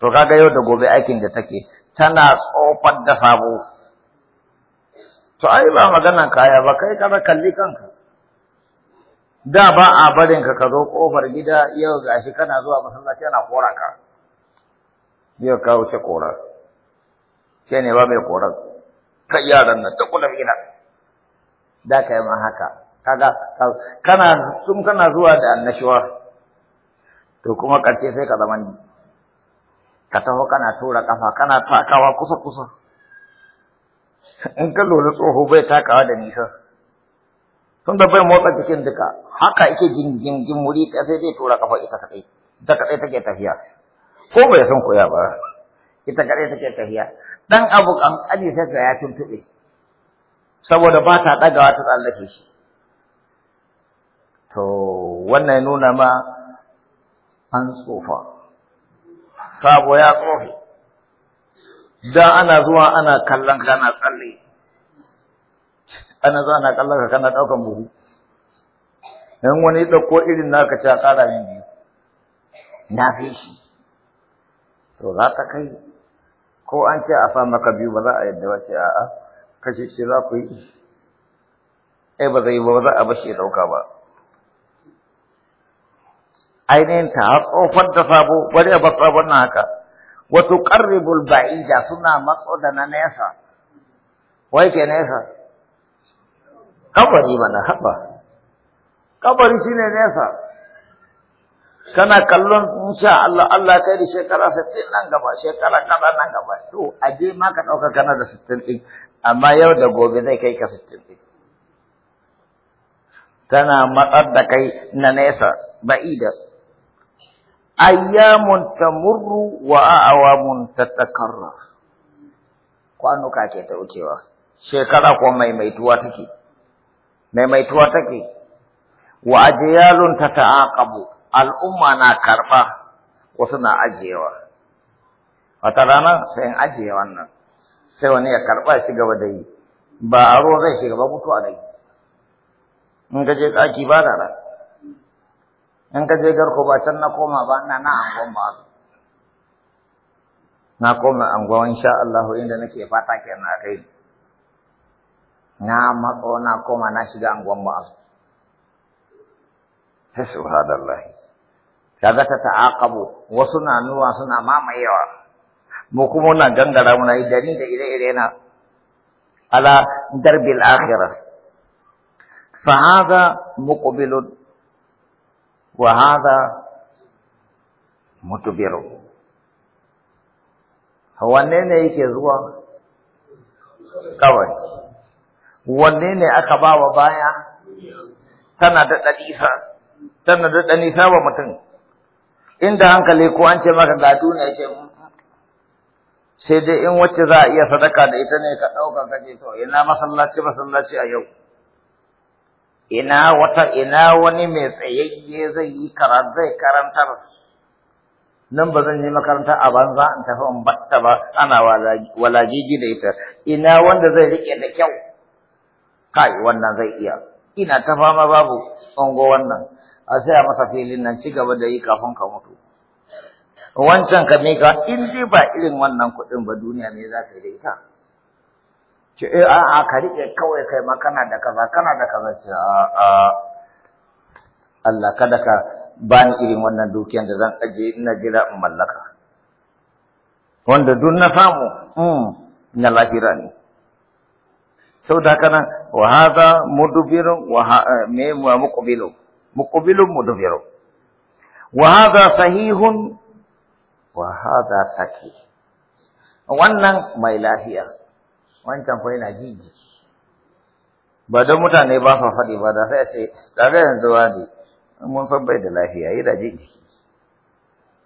to kaga yau da gobe aikin da take tana tsofar da sabo to ai ba maganan kaya ba kai kada kalli kanka da ba a barin ka ka zo kofar gida yau gashi kana zuwa masallaci ana kora ka yau ka wuce korar Ke ne ba mai korar kai yaran nan ta kula ina da ka yi ma haka kaga kana sun kana zuwa da annashuwa to kuma karshe sai ka zama ni ka taho kana tura kafa kana takawa kusa kusa in ka lura tsoho bai takawa da nisa sun da bai motsa jikin duka haka yake jingin wuri sai dai tura kafa ita kaɗai. ita kadai take tafiya ko bai san koya ba ita kadai take tafiya dan abu kan aje sai ya tuntube saboda ba ta dagawa ta tsallake shi to wannan nuna ma an tsofa sabo ya tsofe da ana zuwa ana kallon kana tsalle ana zuwa ana kallon ka kana daukan buhu dan wani dauko irin naka ta kara yin biyu na fi shi to za ta kai ko an ce a sa ka biyu ba za a yadda ba ce a'a kashe shi za ku yi ai ba zai ba za a bashi ya dauka ba ainihin ta tsofar da sabo bari a bar sabon na haka wato qarribul ba'ida suna matso da na nesa wai ke nesa kabari mana haba kabari shine nesa kana kallon insha Allah Allah kai da shekara 60 nan gaba shekara kaza nan gaba to aje ma ka dauka kana da 60 din amma yau da gobe zai kai ka 60 din tana matsar da kai na nesa ba'ida ayyamun tamurru wa awamun tatakarra kwanuka ke ta wucewa shekara ko maimaituwa take maimaituwa take wa ajyalun tata'aqabu al'umma na karɓa wasu na ajiyewa wata rana sai in ajiye wannan sai wani ya karɓa shi gaba da yi ba a ruwa zai shiga ba mutu a dai in ka je ɗaki ba rara in ka je garko ba can na koma ba ina na angon ba na koma angon insha Allah inda nake fata kenan a kai na matso na koma na shiga angon ba su subhanallahi kaga ta ta'aqabu wasu na nuwa suna mamayewa mu kuma na gangara muna yi dani da ire-ire na ala darbil akhirah fa hada muqbilun wa hada mutubirun wanne ne yake zuwa kawai wanne ne aka ba wa baya tana da ɗanisa tana da ɗanisa wa mutum inda hankali ko an ce maka ga duniya ce mm, mm. sai dai in wacce za a iya sadaka da ita ne ka ɗauka ka ce to ina masallaci masallaci a yau ina wata ina wani mai tsayayye zai yi karatu zai karantar nan ba zan yi makaranta a banza in tafi in batta ba ana walagigi da ita ina wanda zai rike da kyau kai wannan zai iya ina ta fama babu ungo wannan a saya masa filin nan ci gaba da yi kafin ka mutu wancan ka ka in dai ba irin wannan kuɗin ba duniya ne za ka yi da ita ce eh a'a ka riƙe kawai kai ma kana da kaza kana da kaza ce a Allah kada ka bani irin wannan dukiyar da zan ajiye ina gida in mallaka wanda duk na samu mm na lahira ne Sau da kana wa haza mudubirin wa eh, me muqbilun wa hadha sahihun wa hadha صحيح wannan mai lafiya wancan fa yana jiji ba da mutane ba sa fadi ba da sai a ce ga yanzu wani mun san bai da lafiya yi da jiji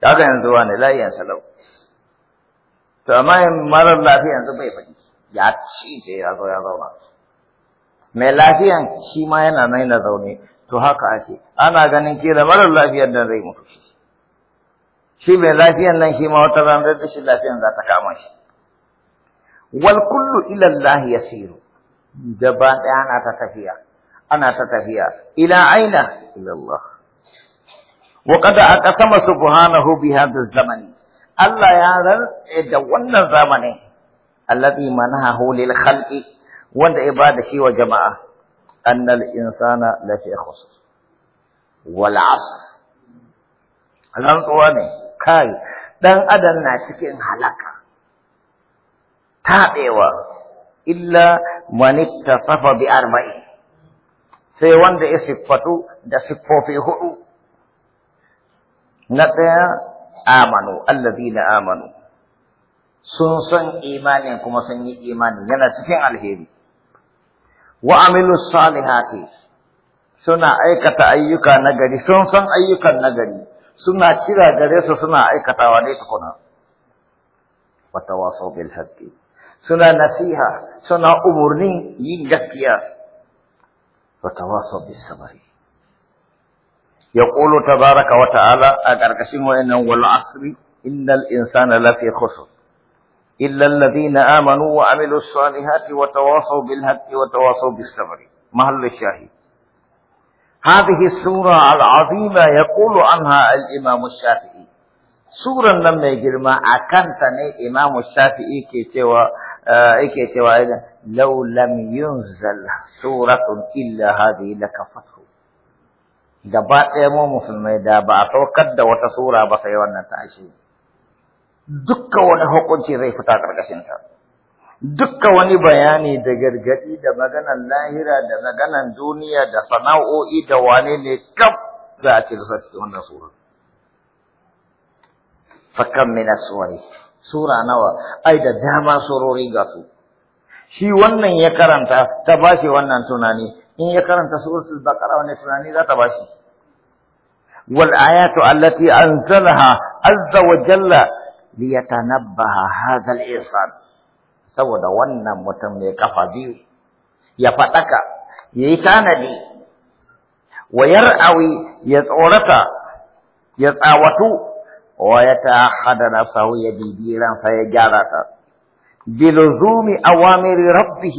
ga yanzu wani lafiya salau to amma marar lafiya yanzu bai faɗi ya ci ce ya zo ya zauna mai lafiyan shi ma yana nan na zaune to haka ake ana ganin kila marar lafiyar da zai mutu shi mai lafiyar nan shi ma wata ranar da shi lafiyar za ta kama shi wal kullu ila Allah yasiru gaba ɗaya ana ta tafiya ana ta tafiya ila aina ila Allah wa qad aqsama subhanahu bi hadha zamani Allah ya rantsa da wannan zamanin allati manahu lil khalqi wanda ibada shi wa jama'a أن الإنسان لفي خسر والعصر rantsuwa ne kai dan adam na cikin halaka taɓewa illa manitta safa bi arba'i sai wanda ya siffatu da siffofi huɗu. na ɗaya amanu na amanu sun san imanin kuma sun yi imani yana cikin alheri وعملوا الصالحات سنا أيكت أيكا نجري سن سن أيكا نجري سنا كذا جري سنا أيكا وليت كنا وتواصوا بالحق سنا نسيها سنا أمورني يجتيا وتواصوا بالصبر يقول تبارك وتعالى أدركسي مؤمن والعصر إن الإنسان لفي خسر إلا الذين آمنوا وعملوا الصالحات وتواصوا بالحق وتواصوا بالصبر محل الشاهد هذه السورة العظيمة يقول عنها الإمام الشافعي سورة لم يجرم أكنتني إمام الشافعي كي توا إيكي سوى لو لم ينزل سورة إلا هذه لكفته gaba إمام mu musulmai da كدة a بصيرنا تعيشين dukkan wani hukunci zai fita ƙarƙashinta. Dukkan wani bayani da gargaɗi da maganan lahira da maganan duniya da sana'o'i da wane ne kaf za a ce da cikin wannan sura. Fakan mina suwari, sura nawa, ai da dama surori ga su. Shi wannan ya karanta ta bashi wannan tunani, in ya karanta suratul baqara wannan tunani za ta bashi. والآيات التي أنزلها عز وجل ليتنبه هذا الإنسان سود ون متمني كفا بيو يفتك يكان لي ويرأوي يتعورك يتعوتو ويتأخذ نفسه يديدير فيجارك بلزوم أوامر ربه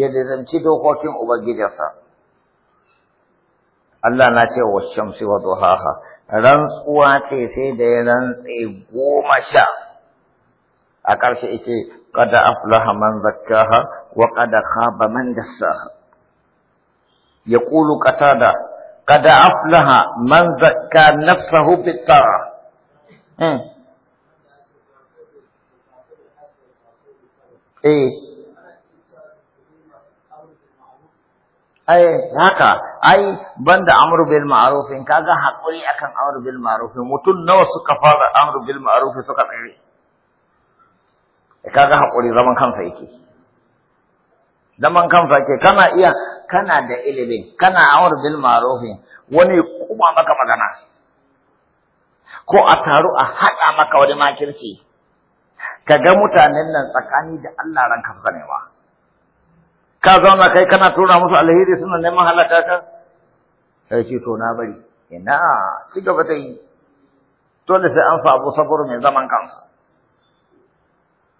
يلزم شدو خوشم أبا جدسا الله ناتي والشمس وضحاها rantsuwa ce sai da ya rantse goma sha a ƙarshe ita, kada aflaha man zakkaha wa kada khaba man dassaha kulu qatada kada aflaha man zakka nafsahu bit ta'a hmm. eh ai haka ai banda amru bil ma'ruf kaga hakuri akan amru bil ma'ruf mutum nawa suka fara amru bil ma'ruf suka tsare kaga hakuri zaman kansa yake zaman kansa yake kana iya kana da ilimin kana amru bil ma'ruf wani kuma maka magana ko a taru a haɗa maka wani makirci kaga mutanen nan tsakani da Allah ranka suka nema ka zauna kai kana tura musu alheri suna neman halaka ka sai ce to na bari ina ci gaba ta yi dole sai an abu sabur mai zaman kansa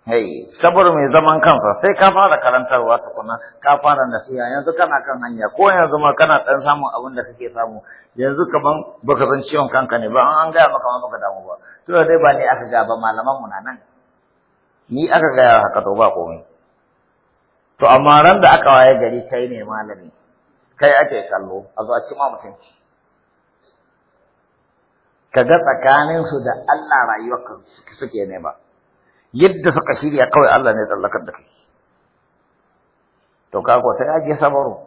hey sabur mai zaman kansa sai ka fara karantarwa tukuna ka fara nasiha yanzu kana kan hanya ko yanzu ma kana dan samun abin da kake samu yanzu kaman baka san ciwon kanka ne ba an gaya maka ma baka damu ba to dai ba ni aka ga ba malaman mu na nan ni aka gaya haka to ba komai to amma ran da aka waye gari kai ne malami kai ake kallo a zuwa ci ma mutunci kaga tsakanin su da Allah rayuwar suke ne ba yadda suka shirya kawai Allah ne tsallakar da kai to ka ko sai ake sabaru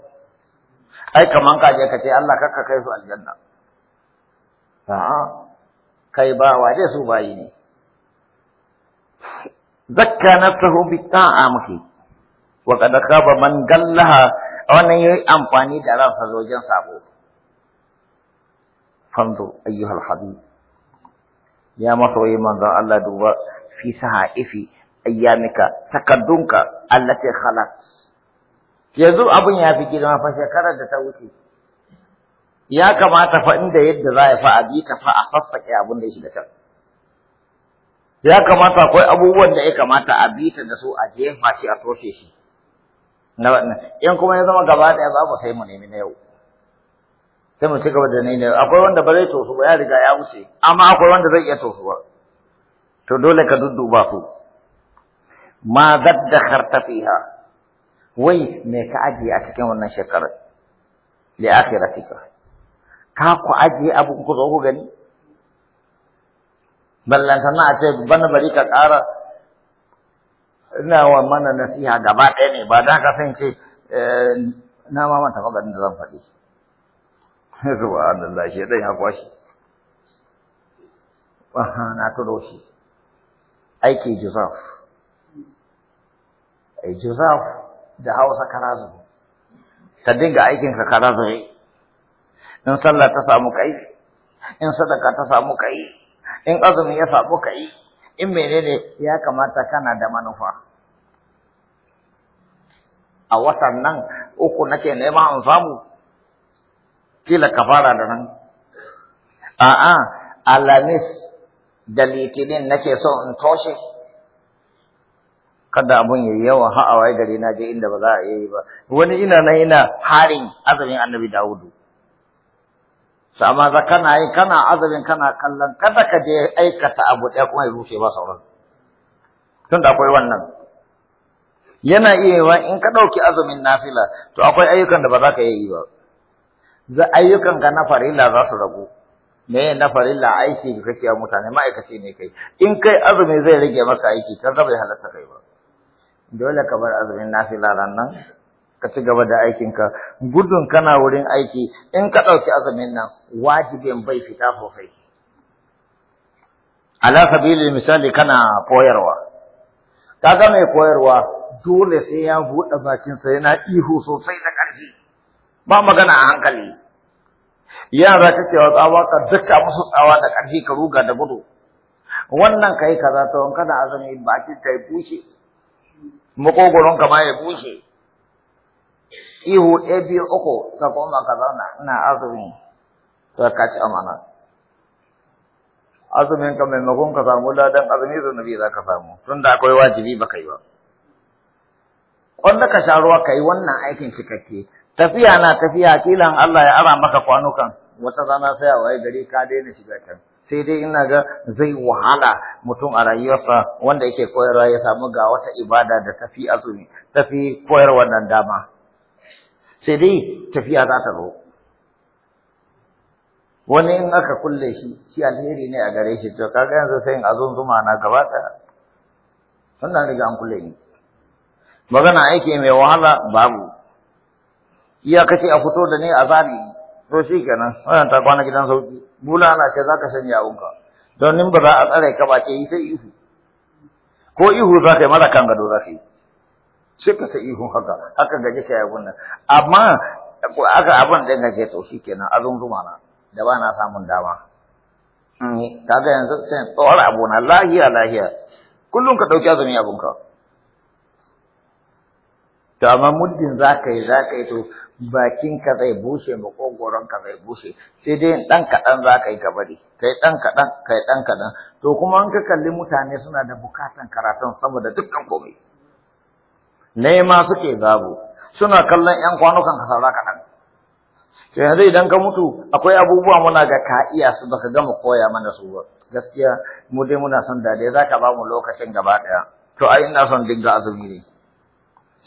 ai kaman ka je ka ce Allah kakka kai su aljanna a'a kai ba waje su bayi ne zakka nafsahu bi ta'a muke wa qad khaba man gallaha wannan yi amfani da ransa wajen sabo fanzu ayyuhal habib ya masoyi manzon Allah duba fi sahaifi ayyamika takaddunka allati khalaq yanzu abun ya fi girma fa shekarar da ta wuce ya kamata fa inda yadda za a fa a bi ka fa a sassaƙe abin da ya shiga can ya kamata akwai abubuwan da ya kamata a bi ta da su a jefa shi a toshe shi na wannan in kuma ya zama gaba ba babu sai mu nemi na yau sai mu ci gaba da nemi akwai wanda ba zai tosu ba ya riga ya wuce amma akwai wanda zai iya ba to dole ka dudduba ku ma kharta fiha wai me ka ajiye a cikin wannan shekarar li akhiratika ka ku ajiye abu ku zo ku gani ballantana a ce bana bari ka kara ina wa mana nasiha gaba ɗaya ne ba don ka san ce eh, na ma manta maganin da zan faɗi *laughs* subhanallah lashe ɗan ya kwashi na turo shi aiki juzaf ai juzaf da hausa karazu ka dinga aikin ka karazu in sallah ta samu kai in sadaka ta samu kai in azumi ya samu kai in menene ya kamata kana da manufa a watan nan uku nake nema an samu kila kafara da nan a'a ah, ah, alamis da litinin nake so in toshe kada abun yayi yawa ha a waye gari na je inda ba za a yi ba wani ina na ina harin azumin annabi dawudu sama za kana yi kana azumin kana kallon kada ka je aikata abu ɗaya kuma ya rufe ba sauran tun da akwai wannan yana iya yiwa in ka ɗauki azumin nafila to akwai ayyukan da ba za ka yi ba za ayyukan ka na farilla za su ragu me na farilla aiki da kake mutane ma'aikaci ne kai in kai azumi zai rage maka aiki ka zaba ya halatta kai ba dole ka bar azumin nafila nan ka ci gaba da aikin ka gudun kana wurin aiki in ka ɗauki azumin nan wajibin bai fita sosai ala sabilil misali kana koyarwa Ka ga mai koyarwa dole sai ya buɗe bakinsa yana ihu sosai da ƙarfi ba magana a hankali yara kake wa tsawa ka duka musu tsawa da ƙarfi ka ruga da gudu wannan kai kaza to in kana azumi bakin ka ya bushe makogoron ka ma ya bushe ihu ɗaya biyu uku ka koma ka zauna ina azumi to ka ci amana azumin ka maimakon ka samu ladan azumi zunubi za ka samu tunda akwai wajibi ba kai ba wanda ka sha ruwa kai wannan aikin cikakke tafiya na tafiya kilan Allah ya ara maka kwanukan wata rana sai a waye gari ka daina shiga can sai dai ina ga zai wahala mutum a rayuwarsa wanda yake koyarwa ya samu ga wata ibada da tafi azumi tafi koyar wannan dama sai dai tafiya za ta zo wani in aka kulle shi shi alheri ne a gare shi to kaga yanzu sai in azun zuma na gaba ɗaya sannan riga an kulle ni magana aiki mai wahala babu iya kace a fito da ne a zari to shi kenan wannan ta kwana gidan sauki na ce za ka sanya abunka don nin ba za a tsare ka ba ce yi sai ihu ko ihu za ka yi mara kan gado za ka yi sai ka ta ihu haka haka gaji ka yi wannan amma aka abin ɗin gaje to shi kenan azun zuma na da ba na samun dama mm, kaga yanzu sai abu abuna lahiya lahiya kullum ka ɗauki azumi abunka To amma muddin za ka yi za ka yi to bakinka zai bushe makogoronka zai bushe sai dai ɗan kaɗan za ka yi gabari kai ɗan kaɗan kai ɗan kaɗan to kuma an ka kalli mutane suna da bukatan karatun sama da dukkan komai nema suke babu suna kallon ƴan kwanukan ka saura kaɗan to yanzu idan ka mutu akwai abubuwa muna ga ka iya su baka gama koya mana su ba gaskiya mu dai muna son da dai za ka ba mu lokacin gaba ɗaya to ai ina son dinga azumi ne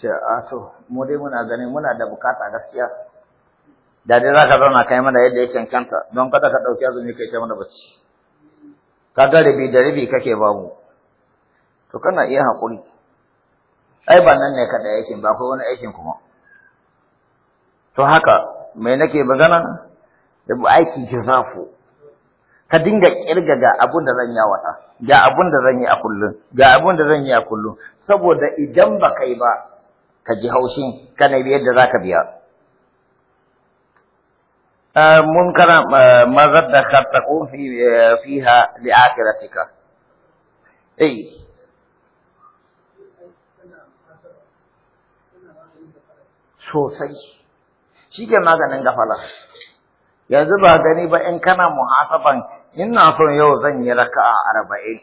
ce a ah, to mu dai muna gani muna da bukata gaskiya da dai za ka zauna kai mana yadda ya kanta don kada ka ɗauki azumi kai kai mana bacci ka ga rabi da rabi kake ba mu to kana iya haƙuri ai ba nan ne da aikin ba akwai wani aikin kuma to haka me nake magana da aiki zafu ka dinga kirga ga abun da zan yi wata ga abun da zan yi a kullum ga abun da zan yi a kullum saboda idan ba kai ba ka ji haushin kana biyar da za ka biya ah, mun kana ah, mazar da kartakun eh, fiha li'akiratika eh sosai shi ke maganin gafala yanzu ba gani ba in kana muhasaban ina son yau zan yi raka'a arba'in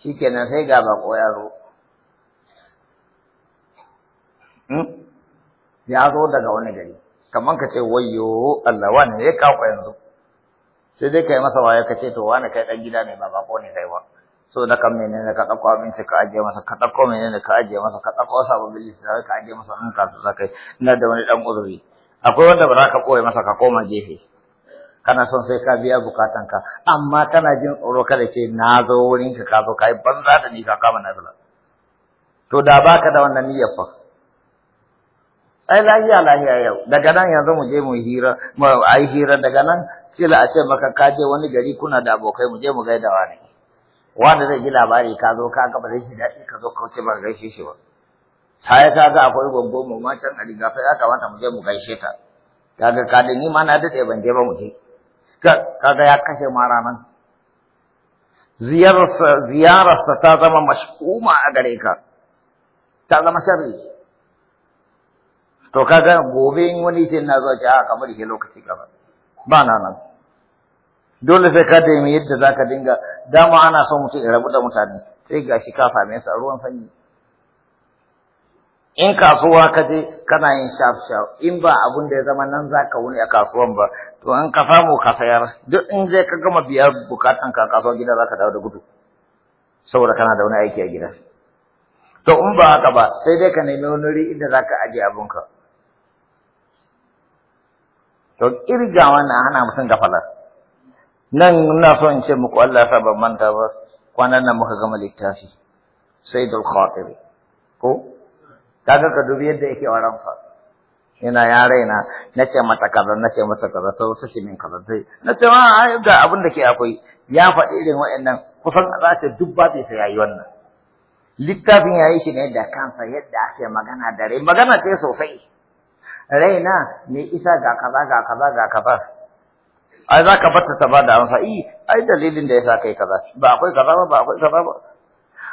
shi kenan sai ga bako ya zo Hmm? ya zo daga wani gari kamar ka ce wayyo Allah wani ya kawo yanzu sai dai kai masa waye ka ce to wani kai dan gida ne ba ko ne kai ba so da kan menene ka dauko abinci ka ajiye masa ka dauko menene ka ajiye masa ka dauko sababbin lissafi ka ajiye masa an ka tsaka kai ina da wani dan uzuri akwai wanda ba za ka koya masa ka koma gefe kana son sai ka biya ka. amma kana jin tsoro kada ce na zo wurin ka zo kai banza da ni ka kama nazala to da baka da wannan niyyar fa ai lahiya lahiya yau daga nan yanzu mu je mu hira mu ai hira daga nan kila a ce maka ka je wani gari kuna da abokai mu je mu gaida wani wanda zai ji labari ka zo ka ga ba zai ji daɗi ka zo kauce ba gaishe shi ba sai ka ga akwai gongo mu ma can a riga sai ya kamata mu je mu gaishe ta kaga ka da ni ma na daɗe ban je ba mu je ga ya kashe ma ranan ziyararsa ta zama mashkuma a gare ka ta zama sharri to ka ga gobe in wani ce na zuwa ce a ah, kamar ke lokaci gaba. ba na nan dole sai ka da yadda za ka dinga dama ana son mutum ya rabu da mutane sai ga shi ka same sa ruwan sanyi in kasuwa ka je kana yin shaf shaf in ba abun da ya zama nan za ka wuni a kasuwan ba to in ka samu ka sayar duk in zai ka gama biyar bukatan ka kasuwa gida za ka dawo da gudu saboda kana da wani aiki a gida to in ba haka ba sai dai ka nemi wani wuri inda za ka ajiye abunka to irga na hana mutum gafalar nan na so in ce muku Allah sa ban manta ba kwanan nan muka gama littafi saidul khatiri ko kaga ka dubi yadda yake waran sa Ina ya raina nace mata kaza nace mata kaza to su min kaza sai nace ma ah, ai ga abin da ke akwai ya faɗi irin waɗannan kusan za ta duk bai sai yayi wannan littafin yayi shi ne da kansa yadda ake magana da magana ce sosai raina me isa ga kaza ga kaza ga kaza ai za ka bata ta bada amsa i ai dalilin da yasa kai kaza ba akwai kaza ba ba akwai kaza ba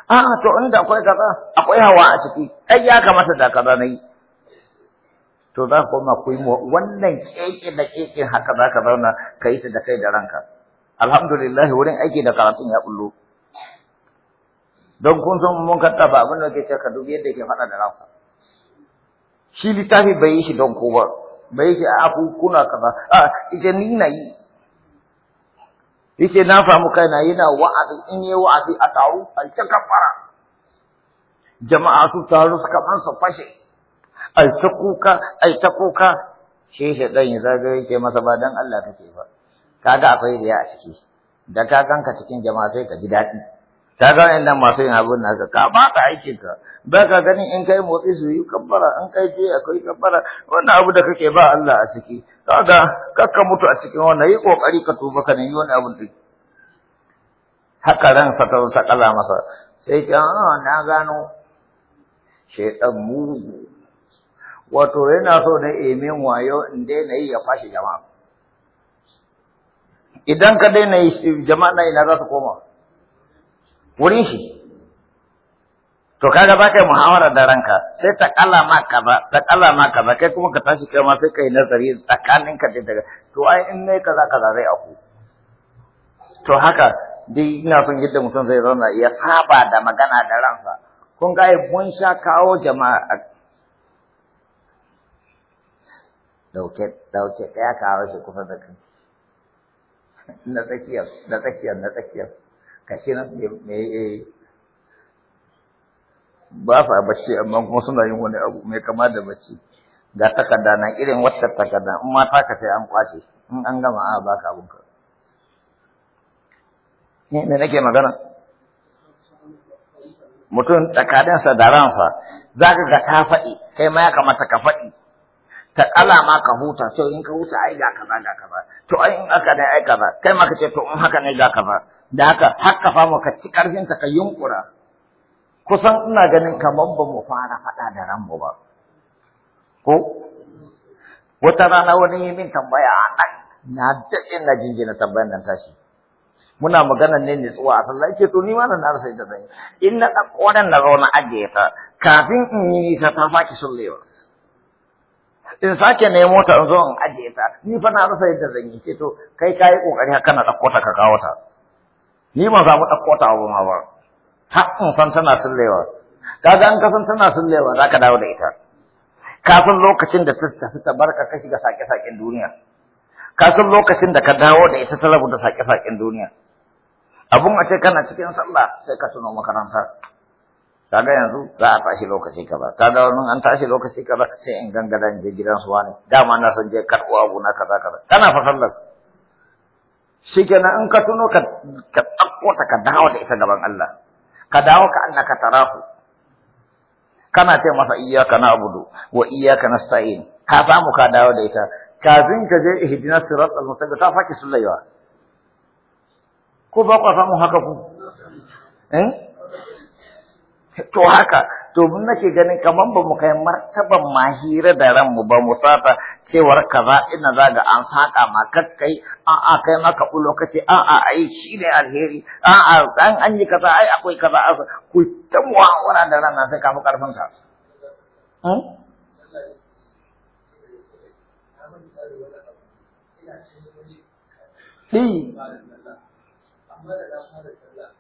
a to inda akwai kaza akwai hawa a ciki ai ya kamata da kaza nayi to za ku ma ku yi wannan keke da keke haka za ka zauna ka yi ta da kai da ranka alhamdulillah wurin aiki da karatun ya bullo don kun san mun kattaba abin da ke ce ka dubi yadda ke faɗa da ranka shi littafi bai yi shi don ku ba bai yi shi a kuna kaza a ita ni na yi Ita na famu kaina yana wa'azi in yi wa'azi a taru a ta kafara jama'a su taru su kamar su fashe ai ta kuka ai ta kuka shi shi dan yi zagaye yake masa ba dan Allah kake ba kaga akwai riya a ciki da ka ganka cikin jama'a sai ka ji daɗi ka ga inda masu yin abin da ka ba ta aikin ka ba ka gani in kai motsi su yi kabbara in kai je akwai kabbara wannan abu da kake ba Allah a ciki kaga kakka mutu a cikin wannan yi kokari ka tuba ka nemi wani abu din haka ran sa ta masa sai ka ah, na gano shedan mugu wato yana so da emin wayo in na yi ya fashi jama'a idan ka daina yi jama'a na ina za su koma wurin shi to kaga ba kai muhawara da ranka sai ta kala ma kaza ta kala ma kaza kai kuma ka tashi kai ma sai ka yi nazari tsakanin ka da daga to ai in ne kaza kaza zai aku to haka dai ina son yadda mutum zai zauna ya saba da magana da ransa kun ga mun sha kawo jama'a dauke dauke daya kawo shi kusa da kai na tsakiyar na tsakiyar na tsakiyar kashi na me yi eh. ba a bacci amma kuma suna yin wani abu mai kama da bacci ga takarda na irin wata takarda in ma ta kace an kwace in an gama a baka ka ka ne me nake magana mutum tsakaninsa da ransa za ka ga ta faɗi kai ma ya kamata ka faɗi ta ƙala ma ka huta so in ka huta ai ga kaza ga kaza to ai in aka ne ai kaza kai ma ka ce to in haka ne ga kaza da haka hakkafa ka ci ƙarfin ka yunkura kusan ina ganin kamar ba mu fara faɗa da ranmu ba ko wata rana wani yi min tambaya a nan na daɗe na jinjina tambayar nan tashi muna magana ne ne tsuwa a sallah ce to ni ma nan na rasa ita zai in na ɗauko wannan na zauna ajiye ta kafin in yi nisa ta sake sullewa in sake nemo ta in zo in ajiye ta ni fa na rasa ita zan yi ce to kai kayi kokari haka na ɗauko ta ka kawo ta ni ma za mu ɗauko ta abu ma ba ha in san tana sullewa kaga an kasan tana sullewa za ka dawo da ita kafin lokacin da ta tafi ta barka ka shiga sake-saken duniya san lokacin da ka dawo da ita ta rabu da sake-saken duniya abun a ce kana cikin sallah sai ka tuno makaranta kaga yanzu za a tashi lokaci kaza kaga wannan an tashi lokaci kaza sai in ganga in je gidan su wani dama na san je karɓo abu na kaza kaza kana fa sallar shikenan in ka tuno ka ka ta ka dawo da ita gaban Allah ka dawo ka Allah ka tarafu kana ce masa iyyaka na'budu wa iyyaka nasta'in ka samu ka dawo da ita kafin ka je ihdina siratal mustaqim ta faki sullaiwa ko ba ku samu haka ku eh to haka to mun nake ganin kaman ba mu kai martaban mahira da ranmu ba mu sata cewar kaza ina za ga an saka ma kakkai a'a kai maka ulo kace a'a ai shi ne alheri a'a dan an yi kaza ai akwai kaza ku ta mu'awara da rana sai ka fi karfin sa hmm?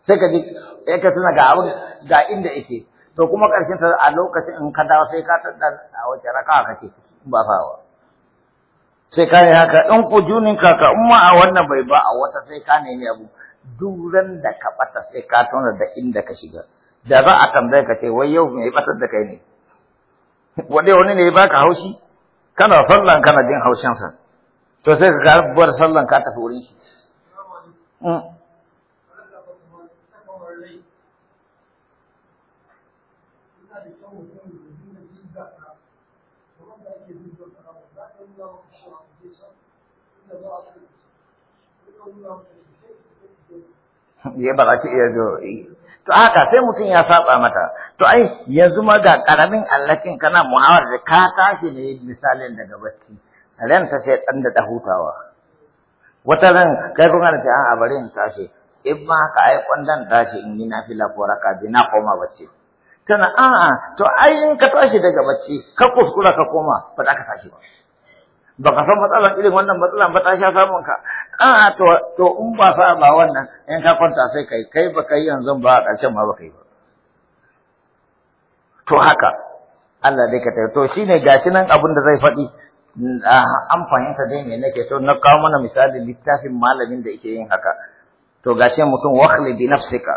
sai ka ji ya ka tuna ga abin ga inda yake to kuma karshen ta a lokacin in ka dawo sai ka tada a wace raka ce ba fawa sai ka yi haka in ku junin kaka in a wannan bai ba a wata sai ka nemi abu duran da ka bata sai ka tona da inda ka shiga da za a tambaye ka ce wai yau me batar da kai ne *laughs* wani wani ne baka haushi kana sallan kana jin haushinsa to sai ka bar sallan ka tafi wurin shi hmm. ya ba za ki iya zo to haka sai mutum ya saba mata to ai yanzu ma ga karamin allakin kana muhawar da ka tashi ne misalin daga bacci ran ta sai dan da hutawa wata ran kai kuma ta a bari in tashi in ma haka ai kwandan tashi in yi nafila ko raka bi na koma bacci tana a'a to ai in ka tashi daga bacci ka kuskura ka koma ba za ka tashi ba ka san matsalar irin wannan matsalar ba ta sha samun ka a ah, to in ba sa ba wannan in ka kwanta sai kai kai ba kai yanzu ba a ƙarshen ma ba kai ba to haka Allah dai ka to to shine gashi nan abin da zai faɗi ah, an fahimta dai me nake to na kawo mana misali littafin malamin da yake yin haka to gashi mutum wakhli bi nafsika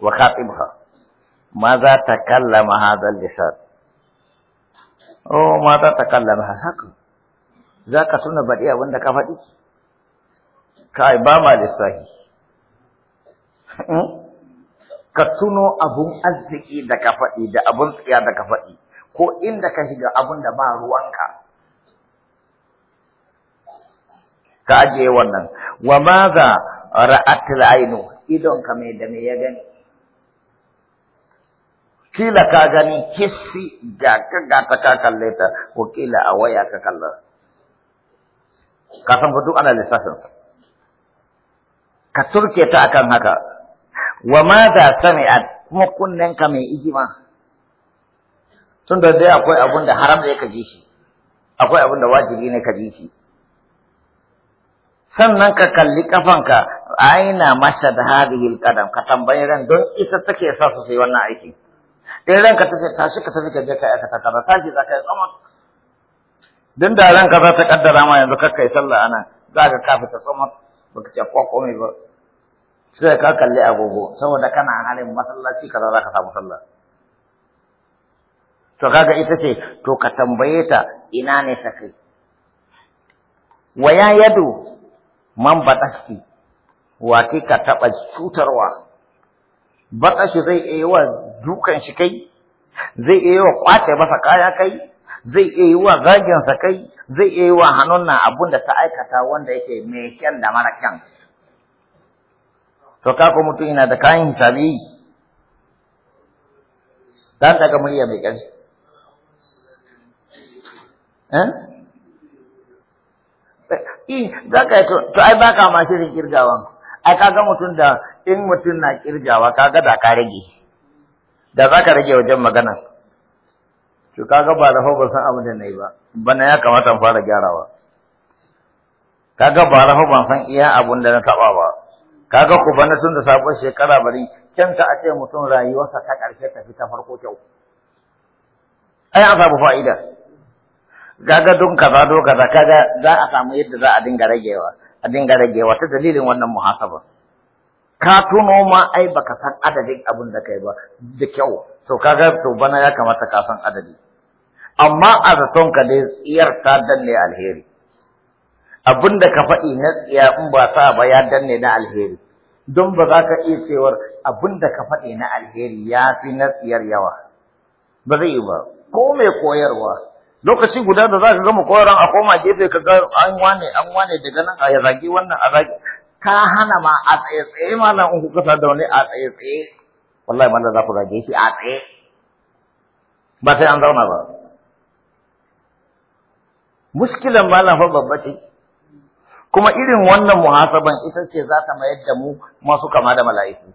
wa khatibha ماذا تكلم هذا اللسان او ماذا تكلم هذا za ka suna baɗi abin da ka faɗi kai ba ma lissafi hmm? ka tuno abun arziki da ka faɗi da abun tsaya da ka faɗi ko inda ka shiga abun da ba ruwanka ka ajiye wannan wa maza ra'atul ainu idon ka mai da mai ya gani kila ka gani kisi, ga ka ga ka kalle ko kila a waya ka kalla ka san fa duk ana lissafin sa ka turke ta akan haka wa ma da sami'at kuma kunnen ka mai ijima da dai akwai abun da haram da ka ji shi akwai abun da wajibi ne ka ji shi sannan ka kalli kafanka aina mashad hadhihi alqadam ka tambayi ran don isa take sa su yi wannan aiki in ranka tace tashi ka tafi ka je ka aikata ka tashi za ka yi tsamon dan da ranka za ta kaddara ma yanzu kakkai sallah ana za ka kafi ta tsamar baka ce ko komai ba sai ka kalli agogo saboda kana halin masallaci kaza za ka samu sallah to kaga ita ce to ka tambaye ta ina ne ta kai wa yadu man batashi wa ka taba cutarwa batashi zai iya wa dukan shi kai zai iya wa kwace masa kaya kai zai iya yi wa zaginsa kai zai iya yi wa hannun nan abun da ta aikata wanda yake mai kyan da mara kyan to ko mutum yana da kayan hisabi dan daga murya mai ƙarfi eh, eh za ka to ai baka ma shirin kirgawa. ai kaga mutum da in mutum na kirgawa kaga da ka rage da za ka rage wajen magana to kaga ba rafa ba san abin da nayi ba bana ya kamata in fara gyarawa kaga ba rafa ban san iya abun da na taba ba kaga ku bana tun da sabon shekara bari kyanta a ce mutum rayuwarsa ta karshe ta fi ta farko kyau ai an samu fa'ida kaga don kaza do kaza kaga za a samu yadda za a dinga ragewa a dinga ragewa ta dalilin wannan muhasaba ka tuno ma ai baka san adadin abin da kai ba da kyau to kaga to bana ya kamata ka san adadi amma a zaton ka dai tsiyar ta danne alheri abinda ka faɗi na tsiya in ba sa ba ya danne na alheri don ba za ka iya cewar abinda ka faɗi na alheri ya fi na tsiyar yawa ba zai yi ba ko mai koyarwa lokaci guda da za ka gama koyarwa a koma gefe ka ga an wane an wane daga nan a wannan a zagi ka hana ma a tsaye tsaye malam in kuka da wani a tsaye tsaye wallahi mallan za ku zage shi a tsaye ba sai an zauna ba muskilan mallan fa babba ce kuma irin wannan muhasaban ita ce za ta mayar da mu masu kama da mala'iku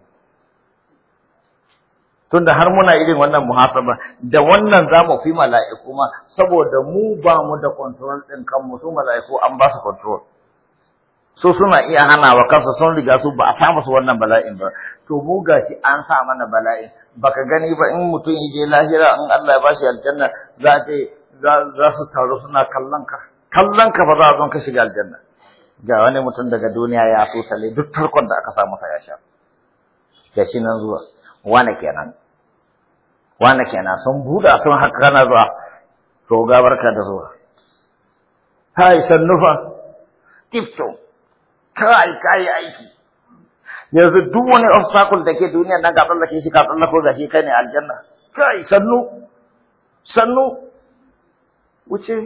tunda har muna irin wannan muhasaba da wannan za mu fi mala'iku ma saboda mu ba mu da control ɗin kanmu su mala'iku an ba su control su suna iya hana wa kansu sun riga su ba a sa musu wannan bala'in ba to mu gashi an sa mana bala'in baka gani ba in mutum ya je lahira in Allah ya bashi aljanna za ta za su taru suna kallon ka kallon ka ba za a zo ka shiga aljanna ga wani mutum daga duniya ya so sale duk tarkon da aka sa masa ya sha shi nan zuwa wane kenan wane kenan sun buɗa sun haka kana zuwa to ga barka da zuwa hai sannufa tifto kai kai aiki yanzu duk wani obstacle da ke duniya nan Allah ke shi ka ko gashi kai ne aljanna kai sannu sannu wuce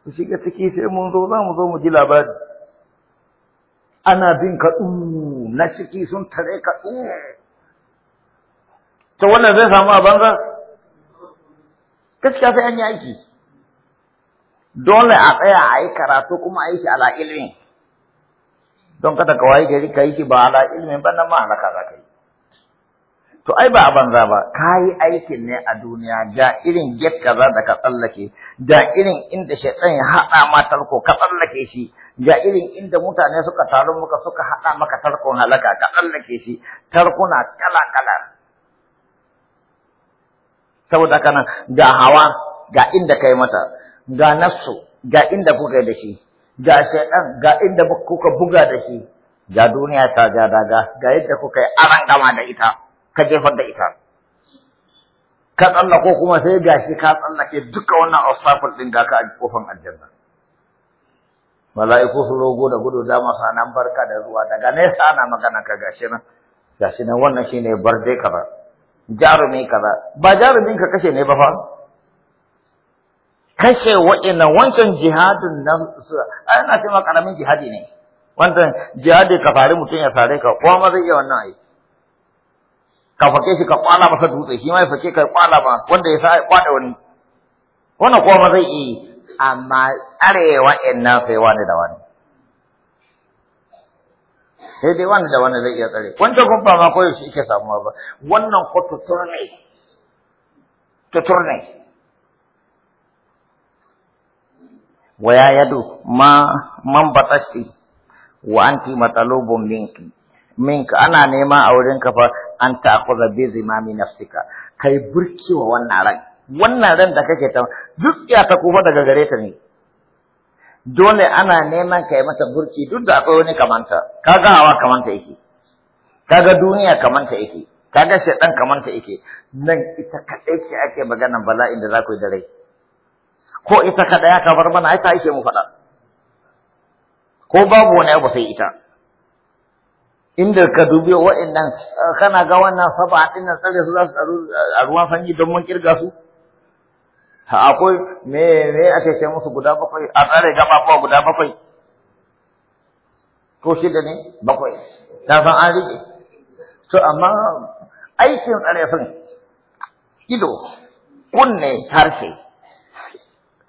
Mu shiga ciki sai mun zo za mu zo mu ji labari ana bin ka na ciki sun tare ka to wannan zai samu a banza gaskiya sai an yi aiki dole a tsaya a yi karatu kuma a yi shi ala ilmin don kada ka waye gari ka yi shi ba ala ilimin ba nan ma halaka za kai. to ai ba a banza ba ka yi aikin ne a duniya Ja irin get kaza da ka tsallake Ja irin inda shaytan ya haɗa ma tarko ka tsallake shi ga irin inda mutane suka taru muka suka haɗa maka tarkon halaka ka tsallake shi tarkuna kala kala saboda kana ga hawa ga inda kai mata ga nafsu ga inda kuka da shi ga ɗan ga inda kuka buga da shi ga duniya ta ja daga ga yadda kuka yi aran gama da ita ka jefar da ita ka tsallako kuma sai ga shi ka tsallake duka wannan obstacle ɗin ga ka a kofan aljanna mala'iku su rogo da gudu da masu nan barka da zuwa daga nesa ana magana ka shi nan shi nan wannan shine barde kaza jarumi kaza ba jarumin ka kashe ne ba fa kashe wa'ina wancan jihadin na ana ce ma karamin jihadi ne wancan jihadi ka fari mutum ya sare ka kowa ma zai iya wannan ai ka fake shi ka kwala masa dutse shi ma ya fake ka kwala ba wanda ya sa ya kwada wani wannan kowa ma zai yi amma tsare wa'ina sai wani da wani sai dai wani da wani zai iya tsare wancan kuma ba ma koyaushe yake samuwa ba wannan ko tutur ne tutur ne waya yadu ma man batasti wa anti matalubun minki minka ana nema a wurin ka fa an ta'khudha bi zimami nafsika kai burki wa wannan ran wannan ran da kake ta duk ya ta kuma daga gare ta ne dole ana neman kai mata burki duk da akwai wani kamanta kaga hawa kamanta yake kaga duniya kamanta yake kaga shaitan kamanta yake nan ita kadai ce ake maganan bala'in da za ku yi da rai ko ita kada ya ka bar mana ai ta ishe mu faɗa ko babu wani abu sai ita inda ka dubi wa'annan eh, kana ga wannan saba din nan tsare su za su eh, a ruwan sanyi don mun kirga su akwai me me ake ce musu guda bakwai a tsare gaba guda bakwai ko shi da ne bakwai ta san an rike to amma aikin tsare sun ido kunne harshe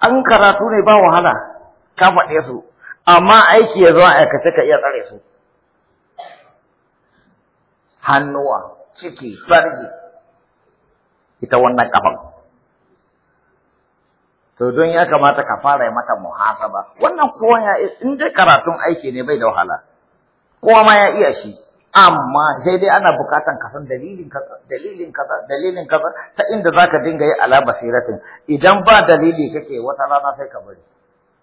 an karatu ne ba wahala ka faɗe su amma aiki ya zo a aikace ka iya tsare su hannuwa ciki farji ita wannan kafan to don ya kamata ka fara mata muhasaba wannan kowa ya in dai karatun aiki ne bai da wahala kowa ma ya iya shi amma sai dai ana bukatan ka san dalilin kaza dalilin kaza dalilin kaza ta inda zaka dinga yi ala basiratin idan ba dalili kake wata rana sai ka bari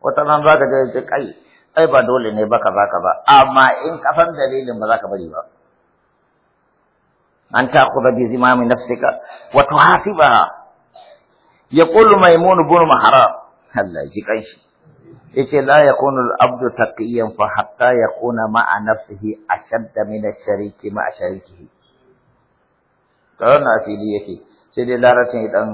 wata rana zaka ga kai ai ba dole ne baka zaka ba amma in ka san dalilin ba zaka bari ba an ta takhudha bi zimami nafsika wa tuhasibaha yaqulu maimun bin mahram Allah ji kanshi yace la yakunu al-abdu taqiyan fa hatta yakuna ma'a nafsihi ashadda min ash-shariki ma'a sharikihi kana fili yake sai dai larabcin idan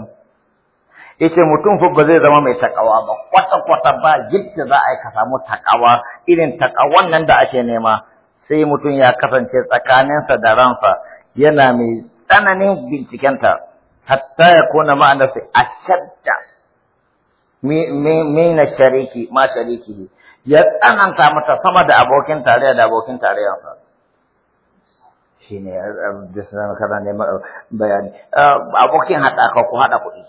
yace mutum fa ba zai zama mai takawa ba kwata kwata ba jidda za a yi ka samu takawa irin takawan nan da ake nema sai mutum ya kasance tsakaninsa da ransa yana mai tsananin bincikenta hatta yakuna ma'a nafsihi ashadda mina shariki ma shariki ya tsananta mata sama da abokin tarayya da abokin tarayyarsa shi ne eh, da sanar kana neman bayani eh, abokin haɗa ka ku haɗa kuɗi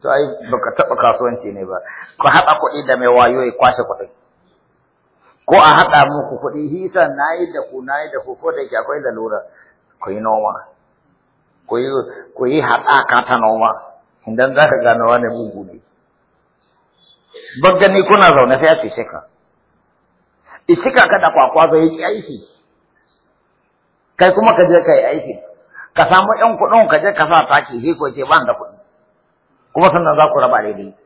to ai baka taɓa kasuwanci ne ba ku haɗa kuɗi da mai wayo ya kwashe kuɗi ko a haɗa muku kuɗi hisan na yi da ku na yi da ku ko da ke akwai lalura ku yi noma ku yi ka ta noma idan za ka gane wani bugu ne Baggani kuna zaune sai ya cece ka. Icika ka da kwakwazo ya aiki. Kai kuma ka je ka yi aiki. Ka samu ‘yan kuɗin ka je ka sa taki shi ko ce ban da kuɗi. Kuma sannan za ku raba daidai.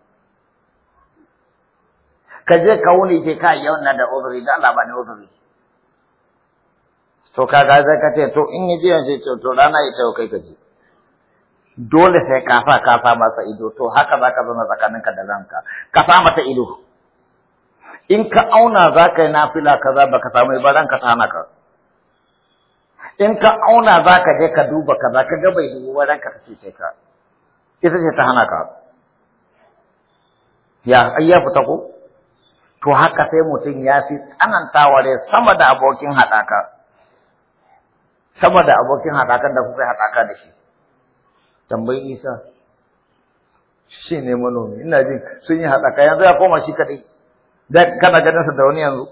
Ka je ka wuni ke ka yau na da uzuri da Allah ba ni uzuri. To kaga zai ka ce to in yi jiyan ce to rana ya ce kai ka je. dole sai ka sa ka sa masa ido to haka za ka zama tsakaninka da ranka ka sa mata ido in ka auna za ka yi nafila kaza ba ka samu ba ranka ta ka in ka auna za ka je ka duba kaza ka ga bai dubu ba ranka ta ce ka ita ce ta hana ka ya ayya fita ko to haka sai mutum ya fi tsananta sama da abokin haɗaka sama da abokin haɗakan da kuka haɗaka da shi tambayi isa shi ne manomi ina jin sun yi haɗaka yanzu ya koma shi kaɗai da kana ganinsa da wani yanzu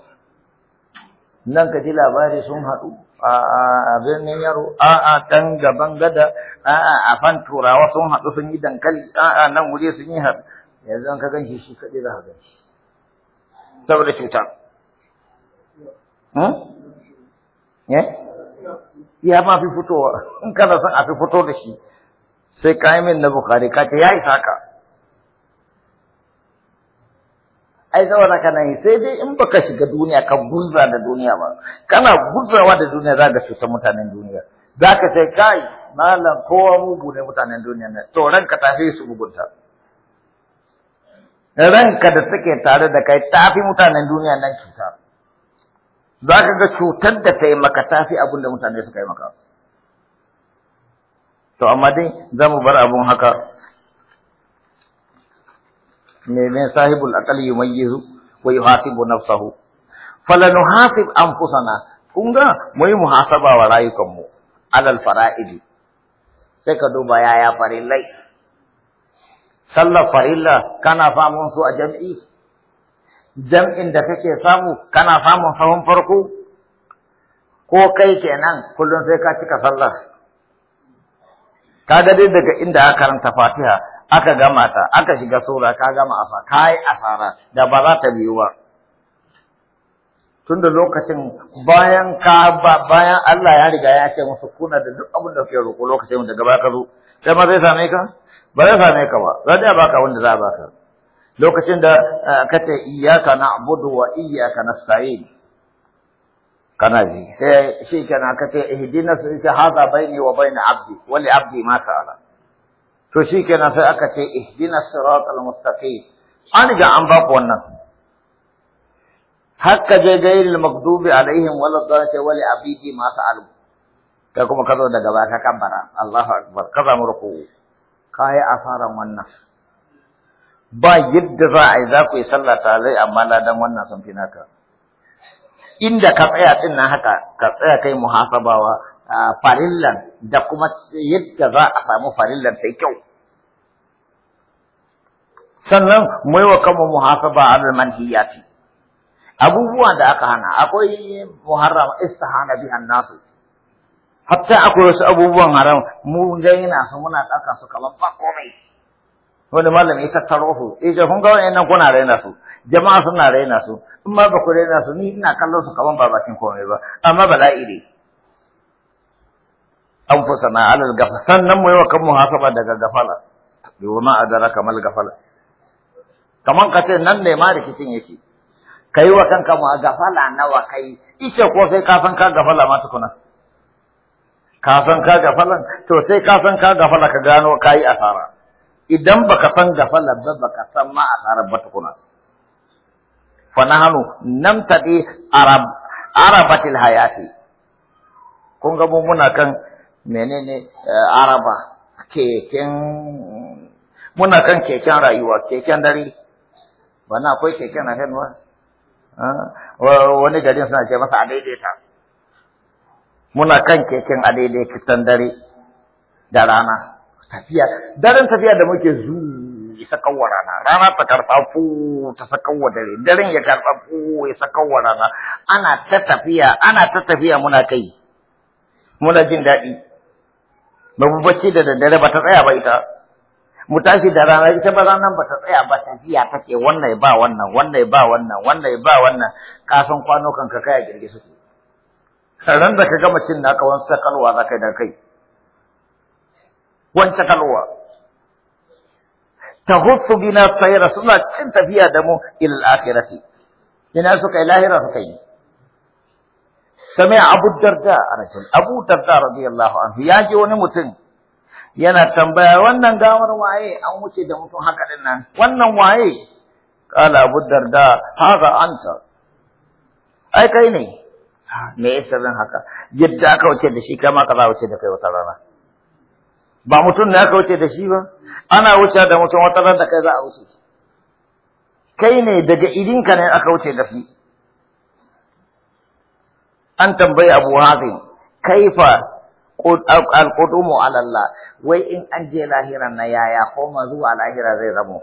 nan ka ji labari sun haɗu a birnin yaro a a dan gaban gada a a a fan turawa sun haɗu sun yi dankali a a nan wuri sun yi haɗu yanzu an ka gan shi shi kaɗai za ka gan shi saboda cuta hmm? eh? ya ma fi fitowa in kana son a fi fito da shi sai kayan na bukari ka ce ya isa ka ai zawa na yi sai dai in baka shiga duniya ka gurza da duniya ba kana gurzawa da duniya za ka cutar mutanen duniya za ka sai kai malam kowa mugu ne mutanen duniya ne to ranka tafi su mugunta ranka da suke tare da kai tafi mutanen duniya nan cuta za ka ga cutar da ta yi maka tafi abin da mutane suka yi maka to amma dai za mu bar abun haka mai sahibul aqal yumayyizu wa yuhasibu nafsahu falanuhasib anfusana kun ga mu yi muhasaba wa rayukanmu alal fara'idi sai ka duba yaya farillai sallar farilla kana famun su a jam'i jam'in da kake samu kana samun sahun farko ko kai kenan kullum sai ka cika sallar kaga dai daga inda aka karanta Fatiha aka gama ta aka shiga sura ka gama asa kai asara da ba za ta biyu ba tunda lokacin bayan ka bayan Allah ya riga ya ce musu kuna da duk abin da kuke roƙo lokacin da gaba ka zo sai ma zai same ka ba zai same ka ba za ta baka wanda za a baka lokacin da eh, kace iyyaka na'budu wa iyyaka nasta'in kana ji sai shi kenan aka ce ihdina sai ce hada baini wa baina abdi wali abdi ma sa'ala to shi kenan sai aka ce ihdina siratal mustaqim an ga an ba wannan hakka je gairil maghdubi alaihim wala dhalati wali abidi ma sa'alu kai kuma ka zo daga ba ka kabbara Allahu akbar ka zamu ruku kai asaran wannan ba yadda za a yi za ku yi sallah ta amma ladan wannan sun fi naka inda ka tsaya din nan haka ka tsaya kai muhasabawa farillan da kuma yadda za a samu farillan sai kyau sannan mu yi wa kanmu muhasaba alal manhiyati abubuwa da aka hana akwai muharram istihana bi annasu hatta akwai wasu abubuwan haram mu daina su muna ɗauka su kamar ba komai wani malam ya tarohu su ya kun ga nan kuna raina su jama'a suna raina su in ma ba ku raina su ni ina kallon su kaman ba bakin komai ba amma la'i ne an fusana alal gafa sannan mu yi wa kanmu hasaba daga gafala bi wa ma adara kamal gafala kaman ka ce nan ne ma rikicin yake kai wa kanka mu a gafala nawa kai ishe ko sai ka san ka gafala ma tukuna ka san ka gafalan to sai ka san ka gafala ka gano kai asara idan baka san gafala ba baka san ma a arab ba tukuna fa hannu nan arab arabatil hayati kun ga muna kan menene eh, araba keken muna kan keken rayuwa keken dare ba na akwai keken a hannuwa ah, wani garin suna ce masa a daidaita muna kan keken a daidaita dare da rana tafiya daren tafiya da muke zu ya sakawa rana rana ta karfa fu ta sakawa dare daren ya karfa fu ya sakawa rana ana ta tafiya ana ta tafiya muna kai muna jin daɗi babu mu bacci da daddare ba ta tsaya ba ita mu tashi da rana ita ba ranar ba ta tsaya ba tafiya take wannan ba wannan wannan ba wannan wannan ba wannan kasan kwano kan ka kai a girgi suke sannan da ka gama cin naka wani sakalwa za ka da kai wance kalwa tahuffu bina sayra suna cin tafiya da mu ila ina suka yi lahira suka yi sami abu darda a rajul abu darda radiyallahu anhu ya ji wani mutum yana tambaya wannan gawar waye an wuce da mutum haka din nan wannan waye kala abu darda haza anta ai kai ne me yasa haka yadda aka wuce da shi kama ka za wuce da kai wata rana ba mutum ne aka wuce da shi ba ana wuce da mutum wata ran da kai za a wuce kai ne daga idinka ne aka wuce da shi an tambayi abu hazin kaifa alqudumu ala wai in an je lahira na yaya koma zuwa lahira zai zamo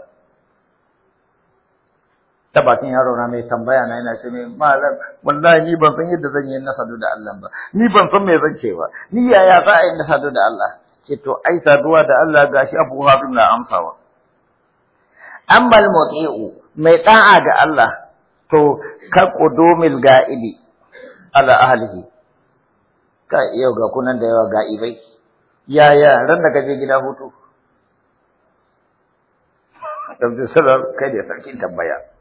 ta bakin yaro na mai tambaya na yana shi ne, malam wallahi ni ban san yadda zan yi nasadu da Allah ba ni ban san me zan ce ba ni yaya za a yi nasadu da Allah ce to ai saduwa da Allah gashi Abu Hafs na amsawa ambal muti'u mai da'a ga Allah to ka qudumil ga'ili ala ahlihi ka yau ga kunan da yawa ga'ibai yaya ran da kaje gida hutu Abdul sarar kai da sarkin tambaya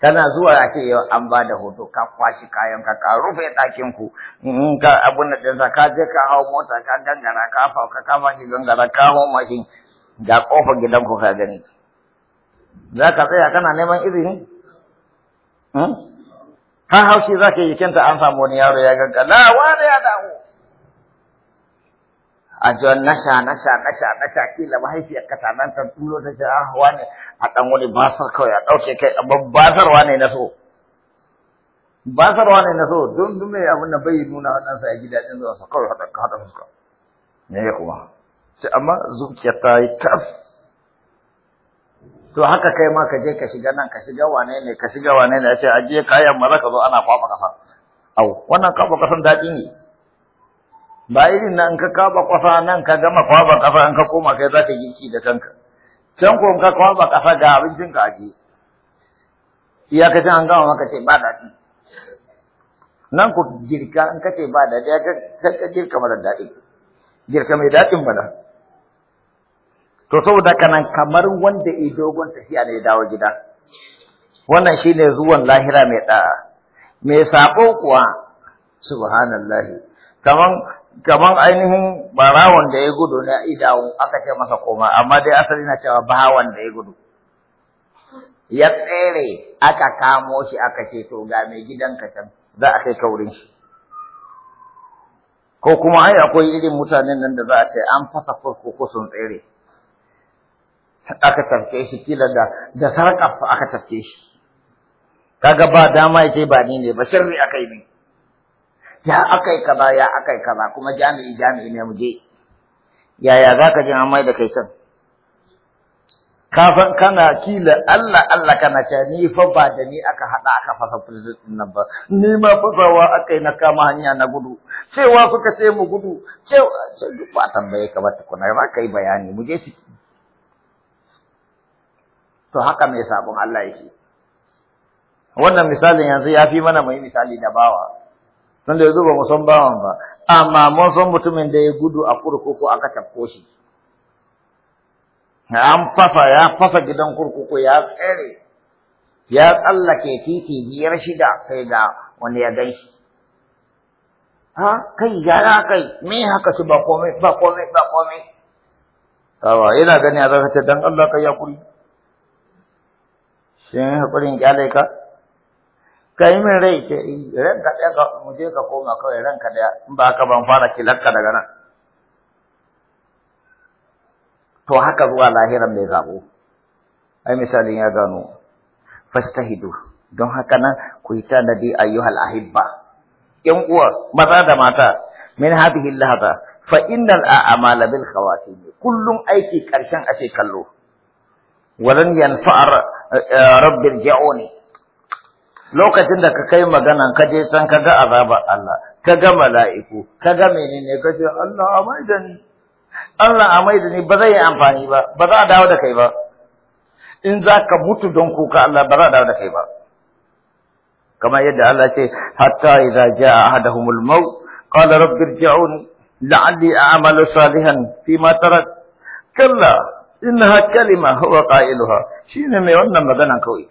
kana zuwa a ce yau an ba da hoto ka kwashi kayan ka ka rufe ɗakin ku ka abun da ɗinsa ka je ka hau mota ka gangara ka fauka ka shi gangara ka hau mashin ga ƙofar gidan ku ka gani za ka tsaya kana neman izini hmm? hau haushi za ka yi kenta an samu wani yaro ya gangara na wani ya dawo a ji nasha nasha nasha nasha kila mahaifiyar ka tanan ta tulo ta ce ah wani a dan wani basar kawai a dauke kai a basarwa ne na so basarwa ne na so don dume abin da bai nuna wannan sa ya ji dadin zuwa sa kawai hada hada fuska me ya kuma ce amma zuciya ta yi tas to haka kai ma ka je ka shiga nan ka shiga wane ne ka shiga wane ne a ce ajiye kayan maza ka zo ana kwafa kasa au wannan kwafa kasan daɗi ne ba irin nan ka kaba kwafa nan ka gama kwaba kafa an ka koma kai zaka girki da kanka can ko ka kwaba kafa ga abincin ka aje iyakacin an gama maka ce ba daɗi nan ku girka an kace ba daɗi ka girka mara daɗi girka mai daɗin bana to saboda kanan kamar wanda ya dogon tafiya ne ya dawo gida wannan shine zuwan lahira mai da mai sabo kuwa subhanallahi kaman kamar ainihin barawon da ya gudu na idawo aka ce masa koma amma dai asali na cewa bawan da ya gudu ya tsere aka kamo shi aka ce to ga mai ka can za a kai kaurin shi ko kuma ai akwai irin mutanen nan da za a ce an fasa ko sun tsere aka tafke shi kila da da sarƙafa aka tafke shi kaga ba dama yake ba ni ne ba shirri akai ne ya akai kaza ya akai kaza kuma jami'i jami'i ne mu je yaya za ka ji amai da kai san kafan kana kila Allah Allah kana ta ni fa ba da ni aka hada aka fasa prison din nan ba ni ma fasawa aka yi na kama hanya na gudu cewa kuka sai mu gudu cewa sai duk ba tambaye ka ba tukuna ba kai bayani mu je ciki to haka mai sabon Allah yake wannan misalin yanzu ya fi mana mai misali da bawa san da yanzu ba mu san bawan ba amma mun san mutumin da ya gudu a kurkuku aka tafko shi an fasa ya fasa gidan kurkuku ya tsere ya tsallake titi biyar shida sai ga wani ya gan shi ha kai gara kai me haka su ba komai ba komai ba komai kawa yana gani a zaka ce dan Allah kai ya kuri shin hakurin kyale ka kai min rai ran ka da ka muje ka koma kai ran ka da in ba ka ban fara kilarka daga nan to haka zuwa lahiran mai zabo ai misalin ya gano fastahidu don haka nan ku yi tanadi ayyuhal ahibba yan uwa maza da mata min hadhihi lahza fa innal a'mala bil khawatim kullun aiki karshen ake kallo walan yanfa'ar rabbil ja'uni lokacin da ka kai magana ka je can ka ga azabar Allah ka ga mala'iku ka ga menene ka ce Allah a da ni Allah a da ni ba zai yi amfani ba ba za a dawo da kai ba in za ka mutu don kuka Allah ba za a dawo da kai ba kamar yadda Allah ce hatta idza jaa ahaduhumul maut qala rabbi irji'un la'alli a'malu salihan ma tarak kalla innaha kalima huwa qailuha shine mai wannan magana kawai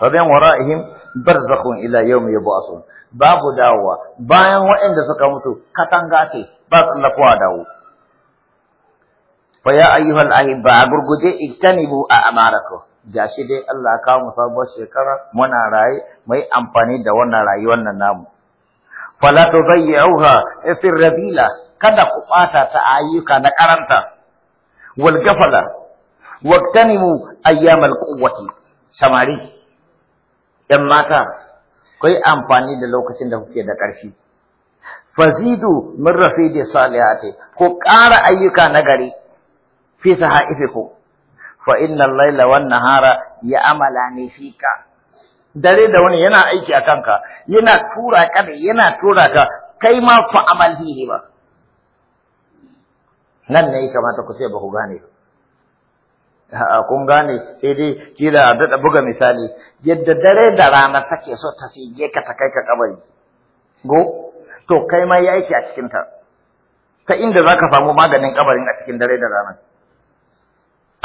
فمن ورائهم برزخ إلى يوم يبعثون babu dawa bayan waɗanda suka mutu katanga ce ba tsallakowa dawo fa ya ayyuhal ahibba a gurguje iktanibu a amaraku shi dai Allah ka mu sabuwar shekara muna raye mai amfani da wannan rayuwar nan namu fala tudayyi'uha eh, fi rabila kada ku bata ta ayyuka na karanta wal gafala waqtanimu ayyamal quwwati samari ‘yan mata, kai amfani da lokacin da kuke da ƙarfi. Fazidu min rafidi salihati ko ƙara ayyuka na gari fi sahaifiku fa inna laila wannan hara ya amala ne ka. dare da wani yana aiki a kanka yana tura ka da yana tura ka kai ma fa amal ba nan ne kamata ku sai ba ku gane ba A'a kun gane sai dai kila a daɗa buga misali yadda dare da rana take so ta fige ka ta kai ka kabari. Go, to kai ma yi aiki a cikinta. Ta inda za ka samu maganin kabarin a cikin dare da rana.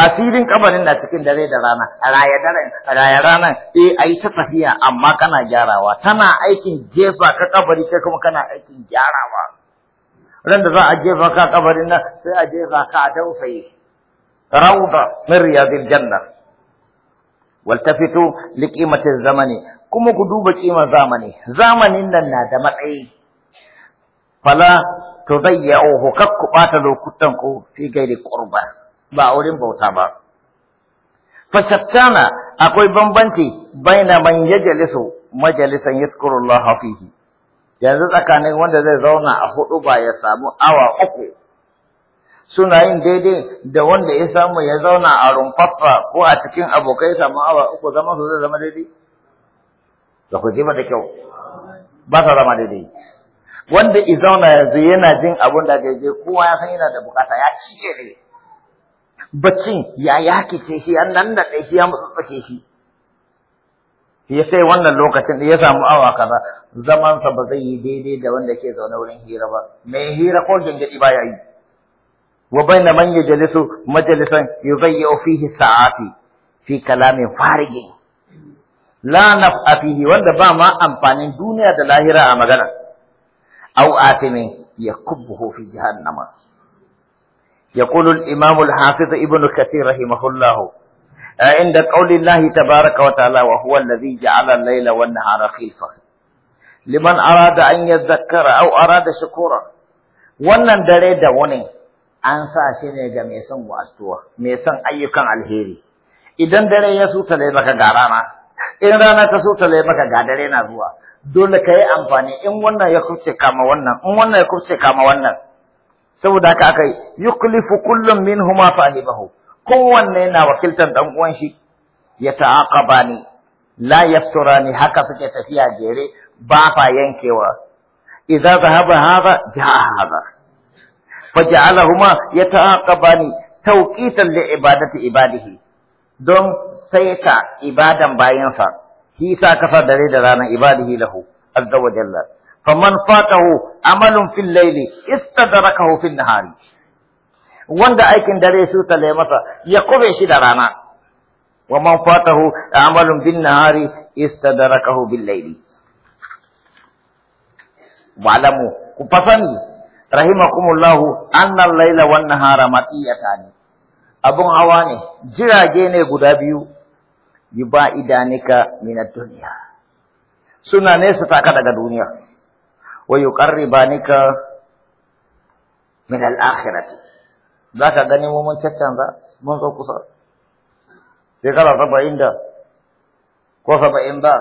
Asirin kabarin na cikin dare da rana, a raya daren, a raya rana eh ai ta tafiya amma kana gyarawa, tana aikin jefa ka kabari kai kuma kana aikin gyarawa. Ran da za a jefa ka kabarin nan sai a jefa ka a dausaye. rauda min riyadil janna waltafitu liqimati zamani kuma ku duba kima zamani zamanin nan na da matsayi fala tudayyahu kakku bata lokutan ku fi gairi qurba ba aurin bauta ba fashattana akwai bambanci baina man yajlisu majalisan yadhkurullaha fihi yanzu tsakanin wanda zai zauna a hudu ba ya samu awa uku suna yin daidai da wanda ya samu ya zauna a rumfaffa ko a cikin abokai samu awa uku zama su zai zama daidai? Da ku jima da kyau, ba sa zama daidai. Wanda i zauna yanzu yana jin abun da daidai kowa ya san yana da bukata ya cike ne. Baccin ya yaki ce shi, ya nan da shi, ya ke shi. Ya sai wannan lokacin da ya samu awa kaza, zamansa ba zai yi daidai da wanda ke zaune wurin hira ba. Mai hira ko gingiri ba ya yi. وبين من يجلس مجلسا يضيع فيه ساعات في كلام فارغ لا نفع فيه وند با ما امفان الدنيا ده لاهره ا او آتم يكبه في جهنم يقول الامام الحافظ ابن كثير رحمه الله عند قول الله تبارك وتعالى وهو الذي جعل الليل والنهار خلفا لمن اراد ان يذكر او اراد شكورا wannan dare da wani an sa shi ne ga mai son wasuwa mai son ayyukan alheri idan dare ya suta baka ga rana in rana ta suta baka ga dare na zuwa dole ka yi amfani in wannan ya kurce kama wannan in wannan ya kurce kama wannan saboda haka aka yi yuklifu kullum min minhuma bahu. kowanne yana wakiltar dan uwan shi ya ni, la yafturani haka suke tafiya jere ba fa yankewa Idan zahaba haza ja haza فجعلهما يتعاقبان توقيتا لعبادة عباده دون سيتا عبادا باينسا هيسا كفر دليل رانا عباده له عز وجل فمن فاته عمل في الليل استدركه في النهار wanda aikin dare su tale masa ya kube shi da rana wa man fatahu amalun bin nahari istadarakahu bil laili wa'lamu ku fasani rahimakumullahu annal laila wan nahara matiyatan abun hawa ne jirage ne guda biyu yuba idanika min ad-dunya suna ne su taka daga duniya wa yuqarribanika min al-akhirati zaka gani mu mun caccanza mun zo kusa shekara saba'in da ko saba'in ba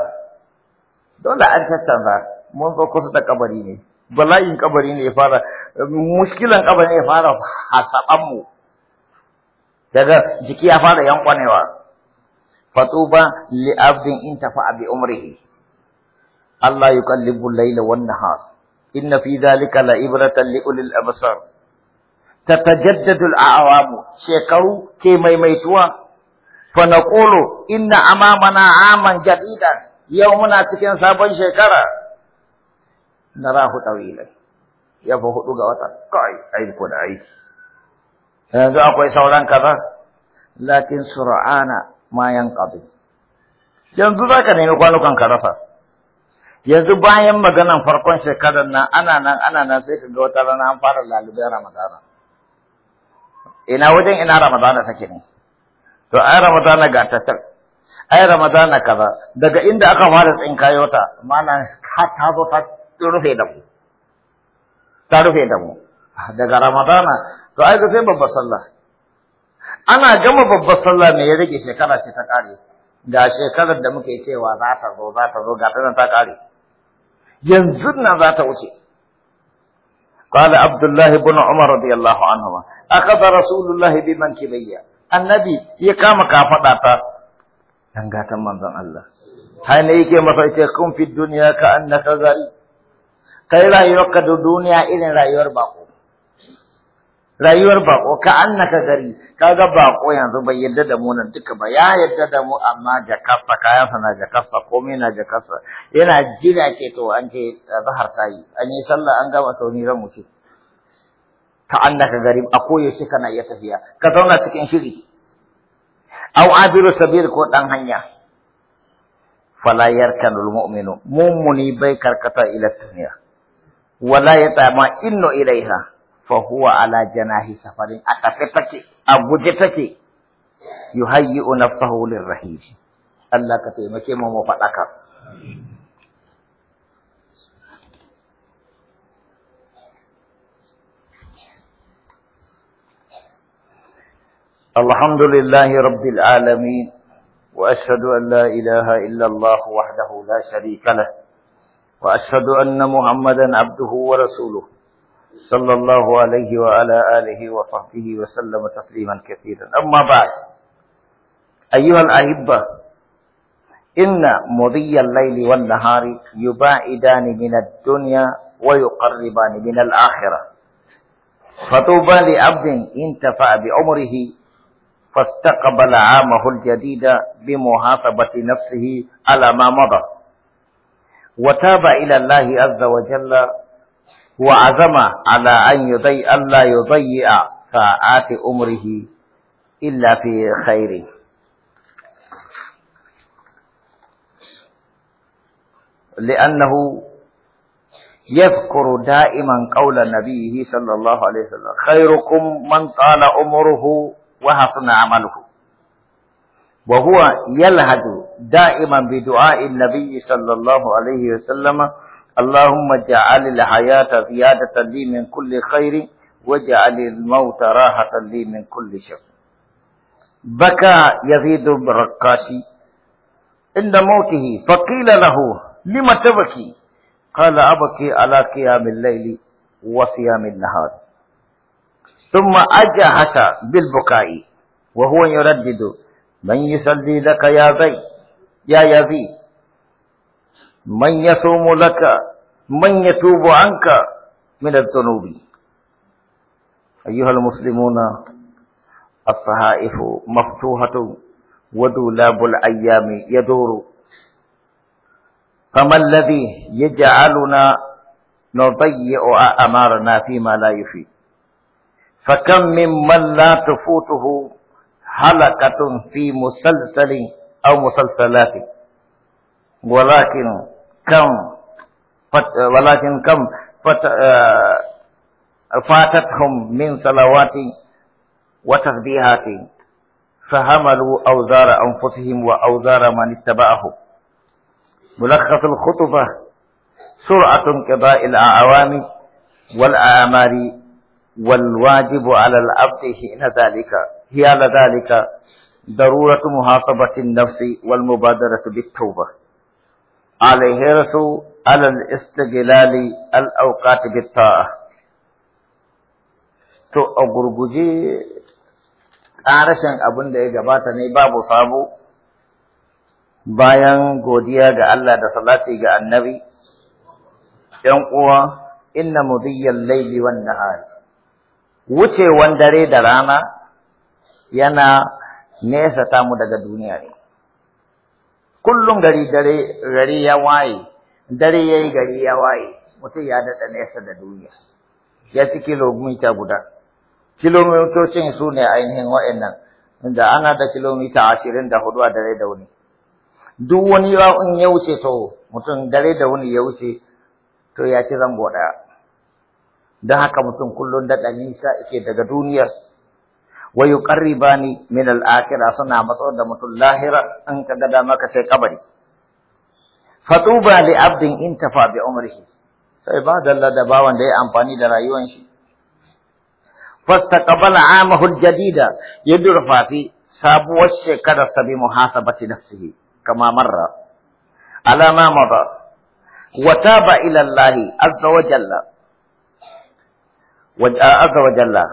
dole an caccanza mun zo kusa da kabari ne bala'in kabari ne ya fara muskilan ƙafa ne ya fara hasaɓanmu daga jiki ya fara yankwanewa fatuba li abdin in tafa bi umrihi Allah laila wan nahar inna fi zalika la ibratan li ulil absar tatajaddadu al shekaru ke maimaituwa fa naqulu inna amamana aman jarida. yau muna cikin sabon shekara narahu tawilan ya fi hudu ga wata kai aiko da aiki yanzu akwai sauran kaza lakin sur'ana ma yanqadi yanzu zaka nemi kwanukan ka rasa yanzu bayan maganan farkon shekarar nan ana nan ana nan sai ka ga wata rana an fara lalubai ramadana ina wajen ina ramadana take ne to ai ramadana ga ta ai ramadana kaza daga inda aka fara tsinkayota malam ka ta zo ta rufe da ku ta rufe da mu daga ramadana to ai ga sai babbar sallah ana gama babbar sallah ne ya rage shekara ce ta kare ga shekarar da muke cewa za ta zo za ta zo ga ta ta kare yanzu nan za ta wuce قال abdullahi الله umar عمر رضي الله عنهما أخذ رسول الله بمنكبي النبي يقام كافتا دنگاتن منزon Allah hane yake masa yace kun fi dunya ka annaka zari. kai rayuwarka da duniya irin rayuwar bako rayuwar bako ka annaka gari kaga bako yanzu bai yadda da mu nan duka ba ya yadda da mu amma jakarsa kayansa na jakarsa komai na jakarsa yana jira ke to an ce zahar an yi sallah an gama to ni zan wuce ka annaka gari a koyaushe kana iya tafiya ka zauna cikin shiri aw abiru sabir ko dan hanya fala yarkanul mu'minu mummuni bai karkata ila tuniya. ولا يتعمى إنه إليها فهو على جناح سفر أكتبك أبوجتك يهيئ نفسه للرحيل الله كتبك ممفتك الحمد لله رب العالمين وأشهد أن لا إله إلا الله وحده لا شريك له وأشهد أن محمدا عبده ورسوله صلى الله عليه وعلى آله وصحبه وسلم تسليما كثيرا أما بعد أيها الأحبة إن مضي الليل والنهار يباعدان من الدنيا ويقربان من الآخرة فطوبى لعبد انتفع بعمره فاستقبل عامه الجديد بمحاسبة نفسه على ما مضى وتاب إلى الله عز وجل وعزم على أن يضيع ألا يضيع ساعات عمره إلا في خيره لأنه يذكر دائما قول نبيه صلى الله عليه وسلم خيركم من طال عمره وحسن عمله وهو يلهد دائما بدعاء النبي صلى الله عليه وسلم اللهم اجعل الحياة زيادة لي من كل خير واجعل الموت راحة لي من كل شر بكى يزيد الرقاشي عند موته فقيل له لم تبكي قال أبكي على قيام الليل وصيام النهار ثم أجهش بالبكاء وهو يردد من يصلي لك يا بي يا يزيد من يصوم لك من يتوب عنك من الذنوب أيها المسلمون الصحائف مفتوحة ودولاب الأيام يدور فما الذي يجعلنا نضيع أمارنا فيما لا يفيد فكم ممن لا تفوته حلقة في مسلسل أو مسلسلات ولكن كم فت ولكن كم فت فاتتهم من صلوات وتسبيحات فهملوا أوزار أنفسهم وأوزار من اتبعهم ملخص الخطبة سرعة انقضاء الأعوام والأعمار والواجب على العبد حين ذلك هي على ذلك ضرورة محاطبة النفس والمبادرة بالتوبة عليه رسول على الاستغلال الأوقات بالطاعة to a gurguje ƙarashin abin da ya gabata ne babu sabo bayan godiya ga Allah da salati ga annabi ‘yan uwa inna mudiyyal laili wan nahar wucewan dare da rana yana nesa ta mu daga duniya ne kullum gari gari ya waye dare yi gari ya waye mutum ya daɗa nesa da duniya ya ci kilomita guda kilomitocin su ne ainihin wa'annan da ana da kilomita ashirin da hudu a dare da wuni duk wani in ya wuce to mutum dare da wuni ya wuce to ya ci zango ɗaya don haka mutum kullum daɗa nisa ike daga duniyar ويقرباني من الآخرة صنع بطور دمت اللاهرة أنك دامك في قبري فطوبى لعبد انتفى بعمره فعباد طيب، الله دباوا دي أمباني درايوان شي فاستقبل عامه الجديد يدرفا في سابو الشكرة بمحاسبة نفسه كما مر على ما مضى وتاب إلى الله عز وجل وجاء آه، عز وجل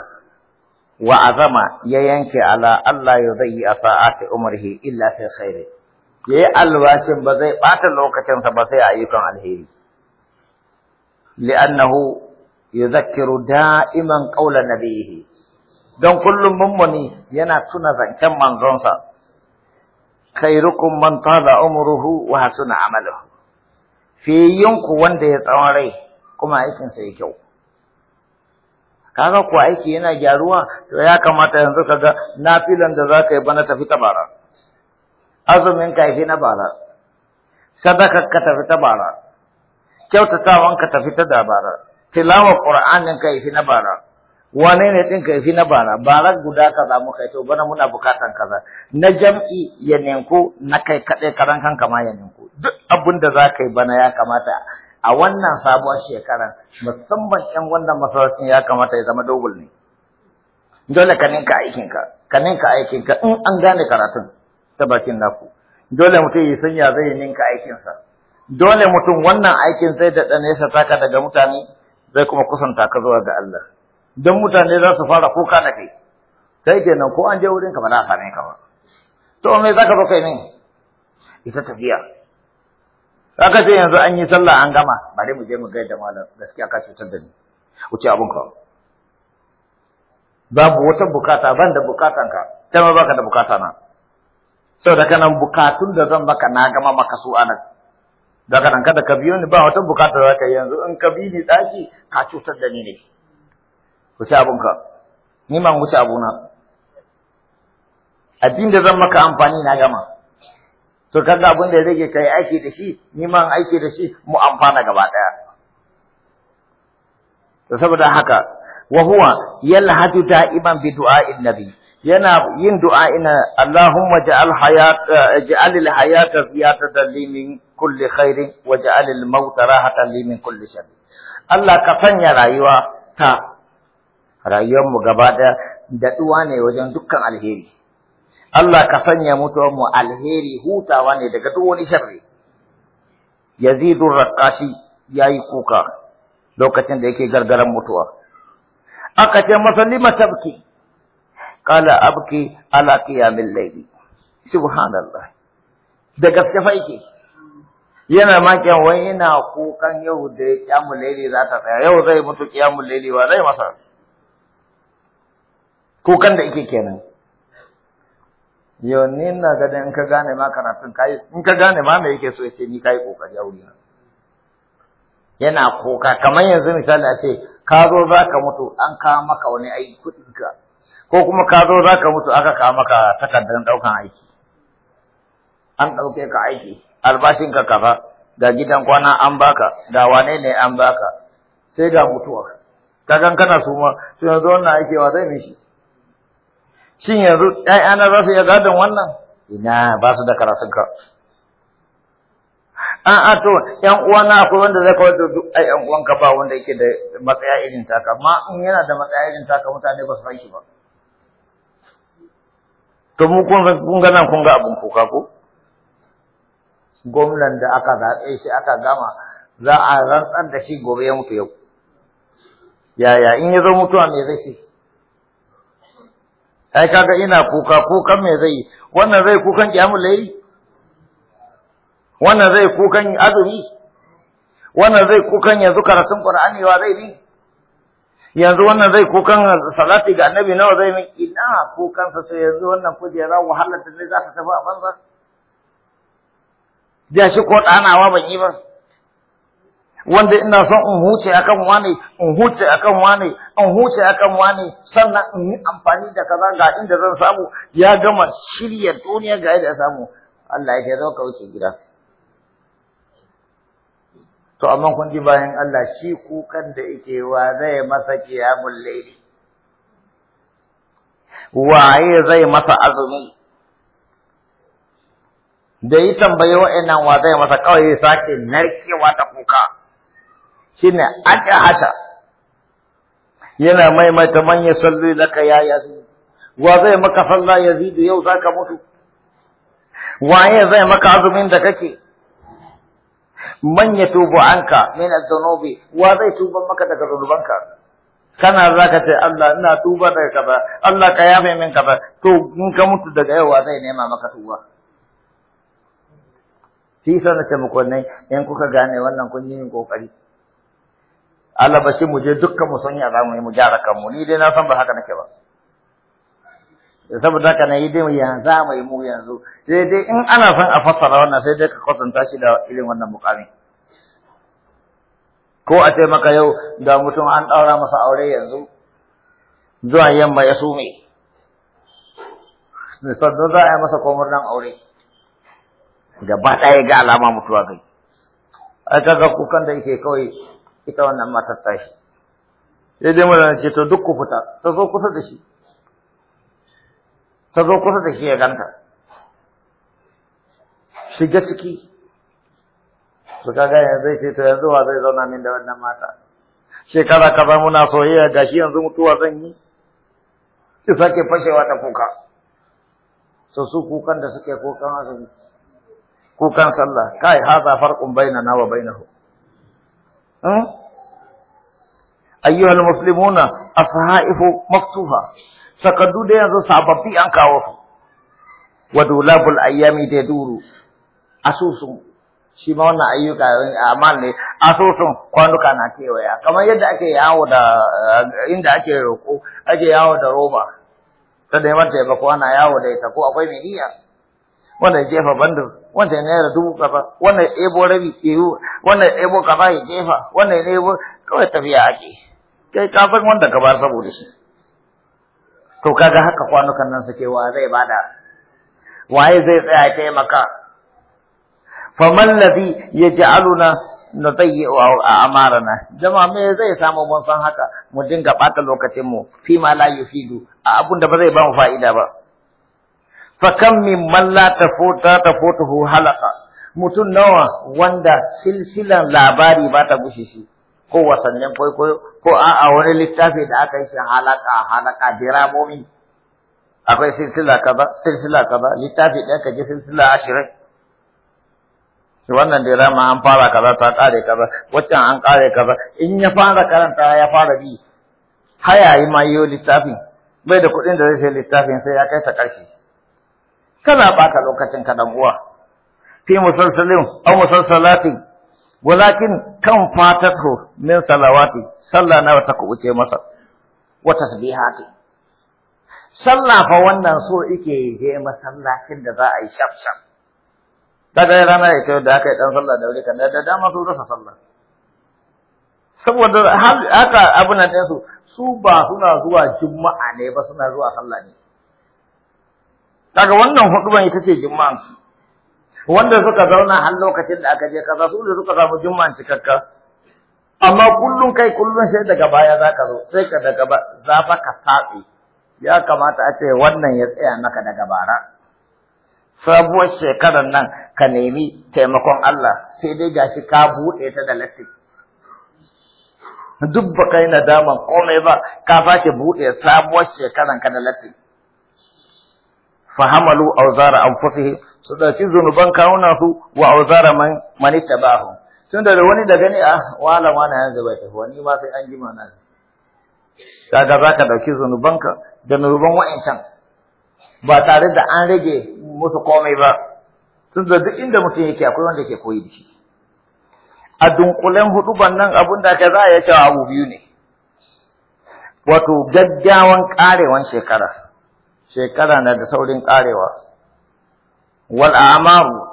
wa azama ya yanke ala Allah ya zai yi a sa'ati umarhi illa fi khairi ya yi alwashin ba zai ɓata lokacinsa ba sai ayyukan alheri li'annahu yuzakkiru da'iman qawla nabiyhi Dan kullum mummuni yana tuna zancen manzonsa khairukum man tada umruhu wa hasuna amaluhu fi yanku wanda ya tsawon rai kuma aikinsa ya kyau kaga ko aiki yana gyaruwa to ya kamata yanzu kaga nafilan da zaka yi bana tafi ta bara azumin ka yi na bara Sadaka ka tafi ta bara kyautatawan ka tafi ta dabara tilawar qur'anin ka yi na bara wane ne din ka yi na bara bara guda ka za mu kai to bana muna bukatan kaza na jam'i ya na kai kaɗai karan kanka ma ya duk abin da zaka yi bana ya kamata a wannan sabuwar shekara musamman yan wannan masarautar ya kamata ya zama dogul ne dole ka ninka aikinka ka ninka aikinka in an gane karatun ta bakin naku dole mutum ya sanya zai ninka aikinsa dole mutum wannan aikin zai da nesa taka daga mutane zai kuma kusanta ka zuwa ga Allah don mutane za su fara kuka da kai kai kenan ko an je wurin ka ba za a same ka ba to me zaka zo kai ne ita tafiya Aka ce yanzu an yi sallah an gama, bari mu je mu gaida malam gaskiya ka cutar da ni. Wuce abun ka. Babu wata bukata ban da bukatan ka, ta ma baka da bukata na. Saboda kana bukatun da zan maka na gama maka su anan. Da kana kada ka biyo ni ba wata bukata za ka yanzu in ka bi ni daki ka cutar da ni ne. Wuce abun ka. Ni ma wuce abuna. Abin da zan maka amfani na gama. to kaga abin da ya rage kai aiki da shi ni ma aiki da shi mu amfana gaba daya to saboda haka wa huwa yalhadu da'iman bi du'a'in nabi yana yin du'a ina Allahumma ja'al hayat ja'al al hayata ziyadatan li min kulli khairin wa ja'al al mauta rahatan li min kulli shar Allah ka sanya rayuwa ta rayuwar mu gaba daya da duwa ne wajen dukkan alheri Allah ka sanya mutuwar mu alheri hutawa ne daga duk wani sharri yazidu ya yayi kuka lokacin da yake gargaran mutuwa aka ce masa lima tabki kala abki ala qiyamil layli subhanallah da gaske fa yake yana ma wai ina kukan yau da kiyamul layli za ta tsaya yau zai mutu kiyamul layli wa zai masa kukan da yake kenan yau na ina ganin in ka gane ma karatun kai in ka gane ma me yake so ya ce ni kayi kokari a wurina yana koka kamar yanzu misali a ce ka zo za ka mutu an kawo maka wani aiki kuɗinka ko kuma ka zo za ka mutu aka kawo maka takardar ɗaukan aiki an ɗauke ka aiki albashin ka kafa ga gidan kwana an baka ga wane ne an baka sai ga mutuwa kagan kana suma to yanzu wannan aiki wa zai mishi shin yanzu ‘ya'yana za su iya gadon wannan? Ina ba su da karatun ka. A'a to, ‘yan uwana akwai wanda zai kawai da duk ai ‘yan uwanka ba wanda yake da matsaya irin taka, amma in yana da matsaya irin taka mutane ba su san shi ba. To mu kun ga nan kun ga abin kuka ko? Gwamnan da aka zaɓe shi aka gama za a rantsar da shi gobe ya mutu yau. Yaya in ya zo mutuwa me zai shi? ai kaga ina kuka kukan me zai wannan zai kukan kiyamu lai wannan zai kukan azumi wannan zai kukan yanzu karatun qur'ani wa zai bi yanzu wannan zai kukan salati ga annabi nawa zai ni ina kukan sa sai yanzu wannan kujera wahalar da zai za ta tafi a banza da shi ko ɗanawa ban yi ba wanda ina son in huce akan wane in huce akan wane in huce akan wane sannan in yi amfani da kaza ga inda zan samu ya gama shirya duniya ga yadda samu Allah ya zo ka wuce gida to amma kun ji bayan Allah shi kukan da yake wa zai masa qiyamul layli waye zai masa azumi da yi tambayi wa'annan wa zai masa kawai sake narkewa da shine aja hasa yana maimaita man ya salli laka ya yazi wa zai maka sallah Yazidu yau zaka mutu waye zai maka azumin da kake Manya tubu anka min adh wa zai tuba maka daga zunubanka kana zaka ce Allah ina tuba daga kaza Allah ka yafe min kaza to in ka mutu daga yau wa zai nema maka tuba shi na ce muku in kuka gane wannan kun yi kokari Allah ba mu je dukkan mu sanya ya za mu yi mu gyara kanmu ni dai na san ba haka nake ba saboda haka na yi dai ya za mu yi mu yanzu sai dai in ana son a fassara wannan sai dai ka kwatanta shi da irin wannan mukamin ko a ce maka yau da mutum an ɗaura masa aure yanzu zuwa yamma ya sume sannan za a yi masa nan aure gaba ɗaya ga alama mutuwa kai ai kaga kukan da yake kawai ita wannan matar tashi sai dai mutane ce to duk ku fita ta zo kusa da shi ta zo kusa da shi ya ganta shiga ciki su kaga yanzu zai ce to yanzu wa zai zauna min da wannan mata shekara kaza muna soyayya gashi yanzu mutuwa zan yi ki sake fashewa ta kuka to su kukan da suke kukan azumi kukan sallah kai haza farqun bainana wa bainahu ayyuhal muslimuna asha'ifu maktuha sakaddu da yanzu sababbi an kawo su wa dulabul ayyami da duru asusun shi ma wannan ayyuka amal ne asusun kwanuka na kewaya kamar yadda ake yawo da inda ake roƙo ake yawo da roba ta da yawan taimako ana yawo da ita ko akwai mai iya wanda jefa bandar wanda ya naira dubu kafa wanda ya ebo rabi iyo wanda ya ebo kafa ya jefa wanda ya ebo kawai tafiya ake kai kafin wanda ka bar saboda shi to kaga haka kwanukan nan suke wa zai bada waye zai tsaya ya fa man ladhi yaj'aluna nutayyi'u amarana jama'a me zai samu mun san haka mu dinga bata lokacin mu fi ma la yufidu a abun da ba zai ba mu fa'ida ba fa min man la tafuta tafutuhu halaka mutum nawa wanda silsilan labari ba ta gushe shi ko wasannin kwaikwayo ko a wani littafi da aka yi shi halaka halaka diramomi akwai silsila kaza silsila kaza littafi ɗaya ka ji silsila ashirin wannan dirama an fara kaza ta kare kaza waccan an kare kaza in ya fara karanta ya fara bi haya yi ma yiwo littafin bai da kuɗin da zai sai littafin sai ya kai ta ƙarshe kana baka lokacin ka dan uwa fi musalsalin aw musalsalati walakin kan fatatu min salawati na wata ku ce masa wa tasbihati salla fa wannan so yake je masallacin da za a yi shaf da daga rana ya kai da aka yi dan sallah da wuri kan da dama su rasa sallah saboda haka abuna da su su ba suna zuwa juma'a ne ba suna zuwa sallah ne kaga wannan huduban ita ce juma'an su. Wanda suka zauna har lokacin da aka je kaza su da suka samu juma'an cikakka. Amma kullum kai kullun sai daga baya za ka zo, sai ka daga za fa ka satse. Ya kamata a ce wannan ya tsaya maka daga bara. Sabuwar shekarar nan ka nemi taimakon Allah sai dai gashi ka buɗe ta da lastik. Duk ba kai nadaman komai ba, ka sake buɗe sabuwar shekarar ka da lati fahamalu auzara anfusihim su dauki zunuban kawuna su wa auzara man man tabahu tun da wani da gani ah wala wala ya zaba ta wani ma sai an ji mana kaga zaka dauki ka, da zunuban wa'ancan ba tare da an rage musu komai ba tun da duk inda mutum yake akwai wanda ke koyi da shi a dunkulen huduban nan abun da ka za a ya cewa abu biyu ne wato gaggawan karewan shekara shekara na da saurin karewa wal amaru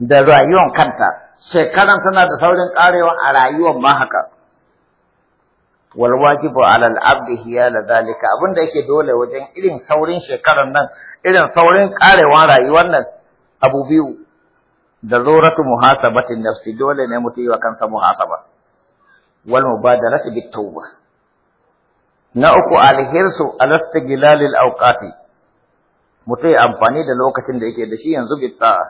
da rayuwar kanta shekaran tana da saurin karewa a rayuwar ma haka wal wajibu ala al abdi hiya la zalika abinda yake dole wajen irin saurin shekaran nan irin saurin karewa rayuwar nan abu biyu da zoratu muhasabatin nafsi dole ne mutu yi wa kansa muhasaba wal mubadaratu bit tawbah na uku alhirsu alasta gilalil auqati mutai amfani da lokacin da yake da shi yanzu bi ta'a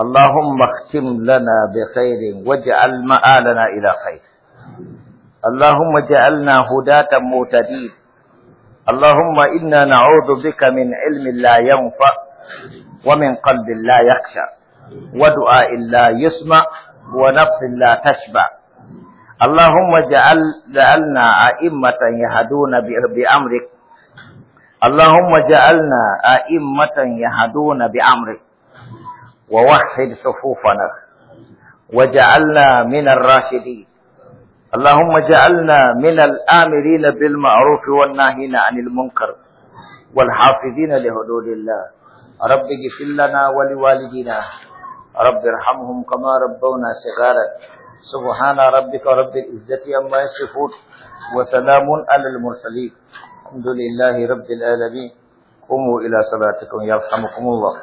اللهم اختم لنا بخير واجعل مآلنا إلى خير اللهم اجعلنا هداة مهتدين اللهم إنا نعوذ بك من علم لا ينفع ومن قلب لا يخشى ودعاء لا يسمع ونفس لا تشبع اللهم اجعل جعلنا أئمة يهدون بأمرك اللهم اجعلنا أئمة يهدون بأمرك ووحد صفوفنا وجعلنا من الراشدين اللهم اجعلنا من الآمرين بالمعروف والناهين عن المنكر والحافظين لحدود الله رب اغفر لنا ولوالدينا رب ارحمهم كما ربونا صغارا سبحان ربك رب العزة عما يصفون وسلام على المرسلين الحمد لله رب العالمين قوموا إلى صلاتكم يرحمكم الله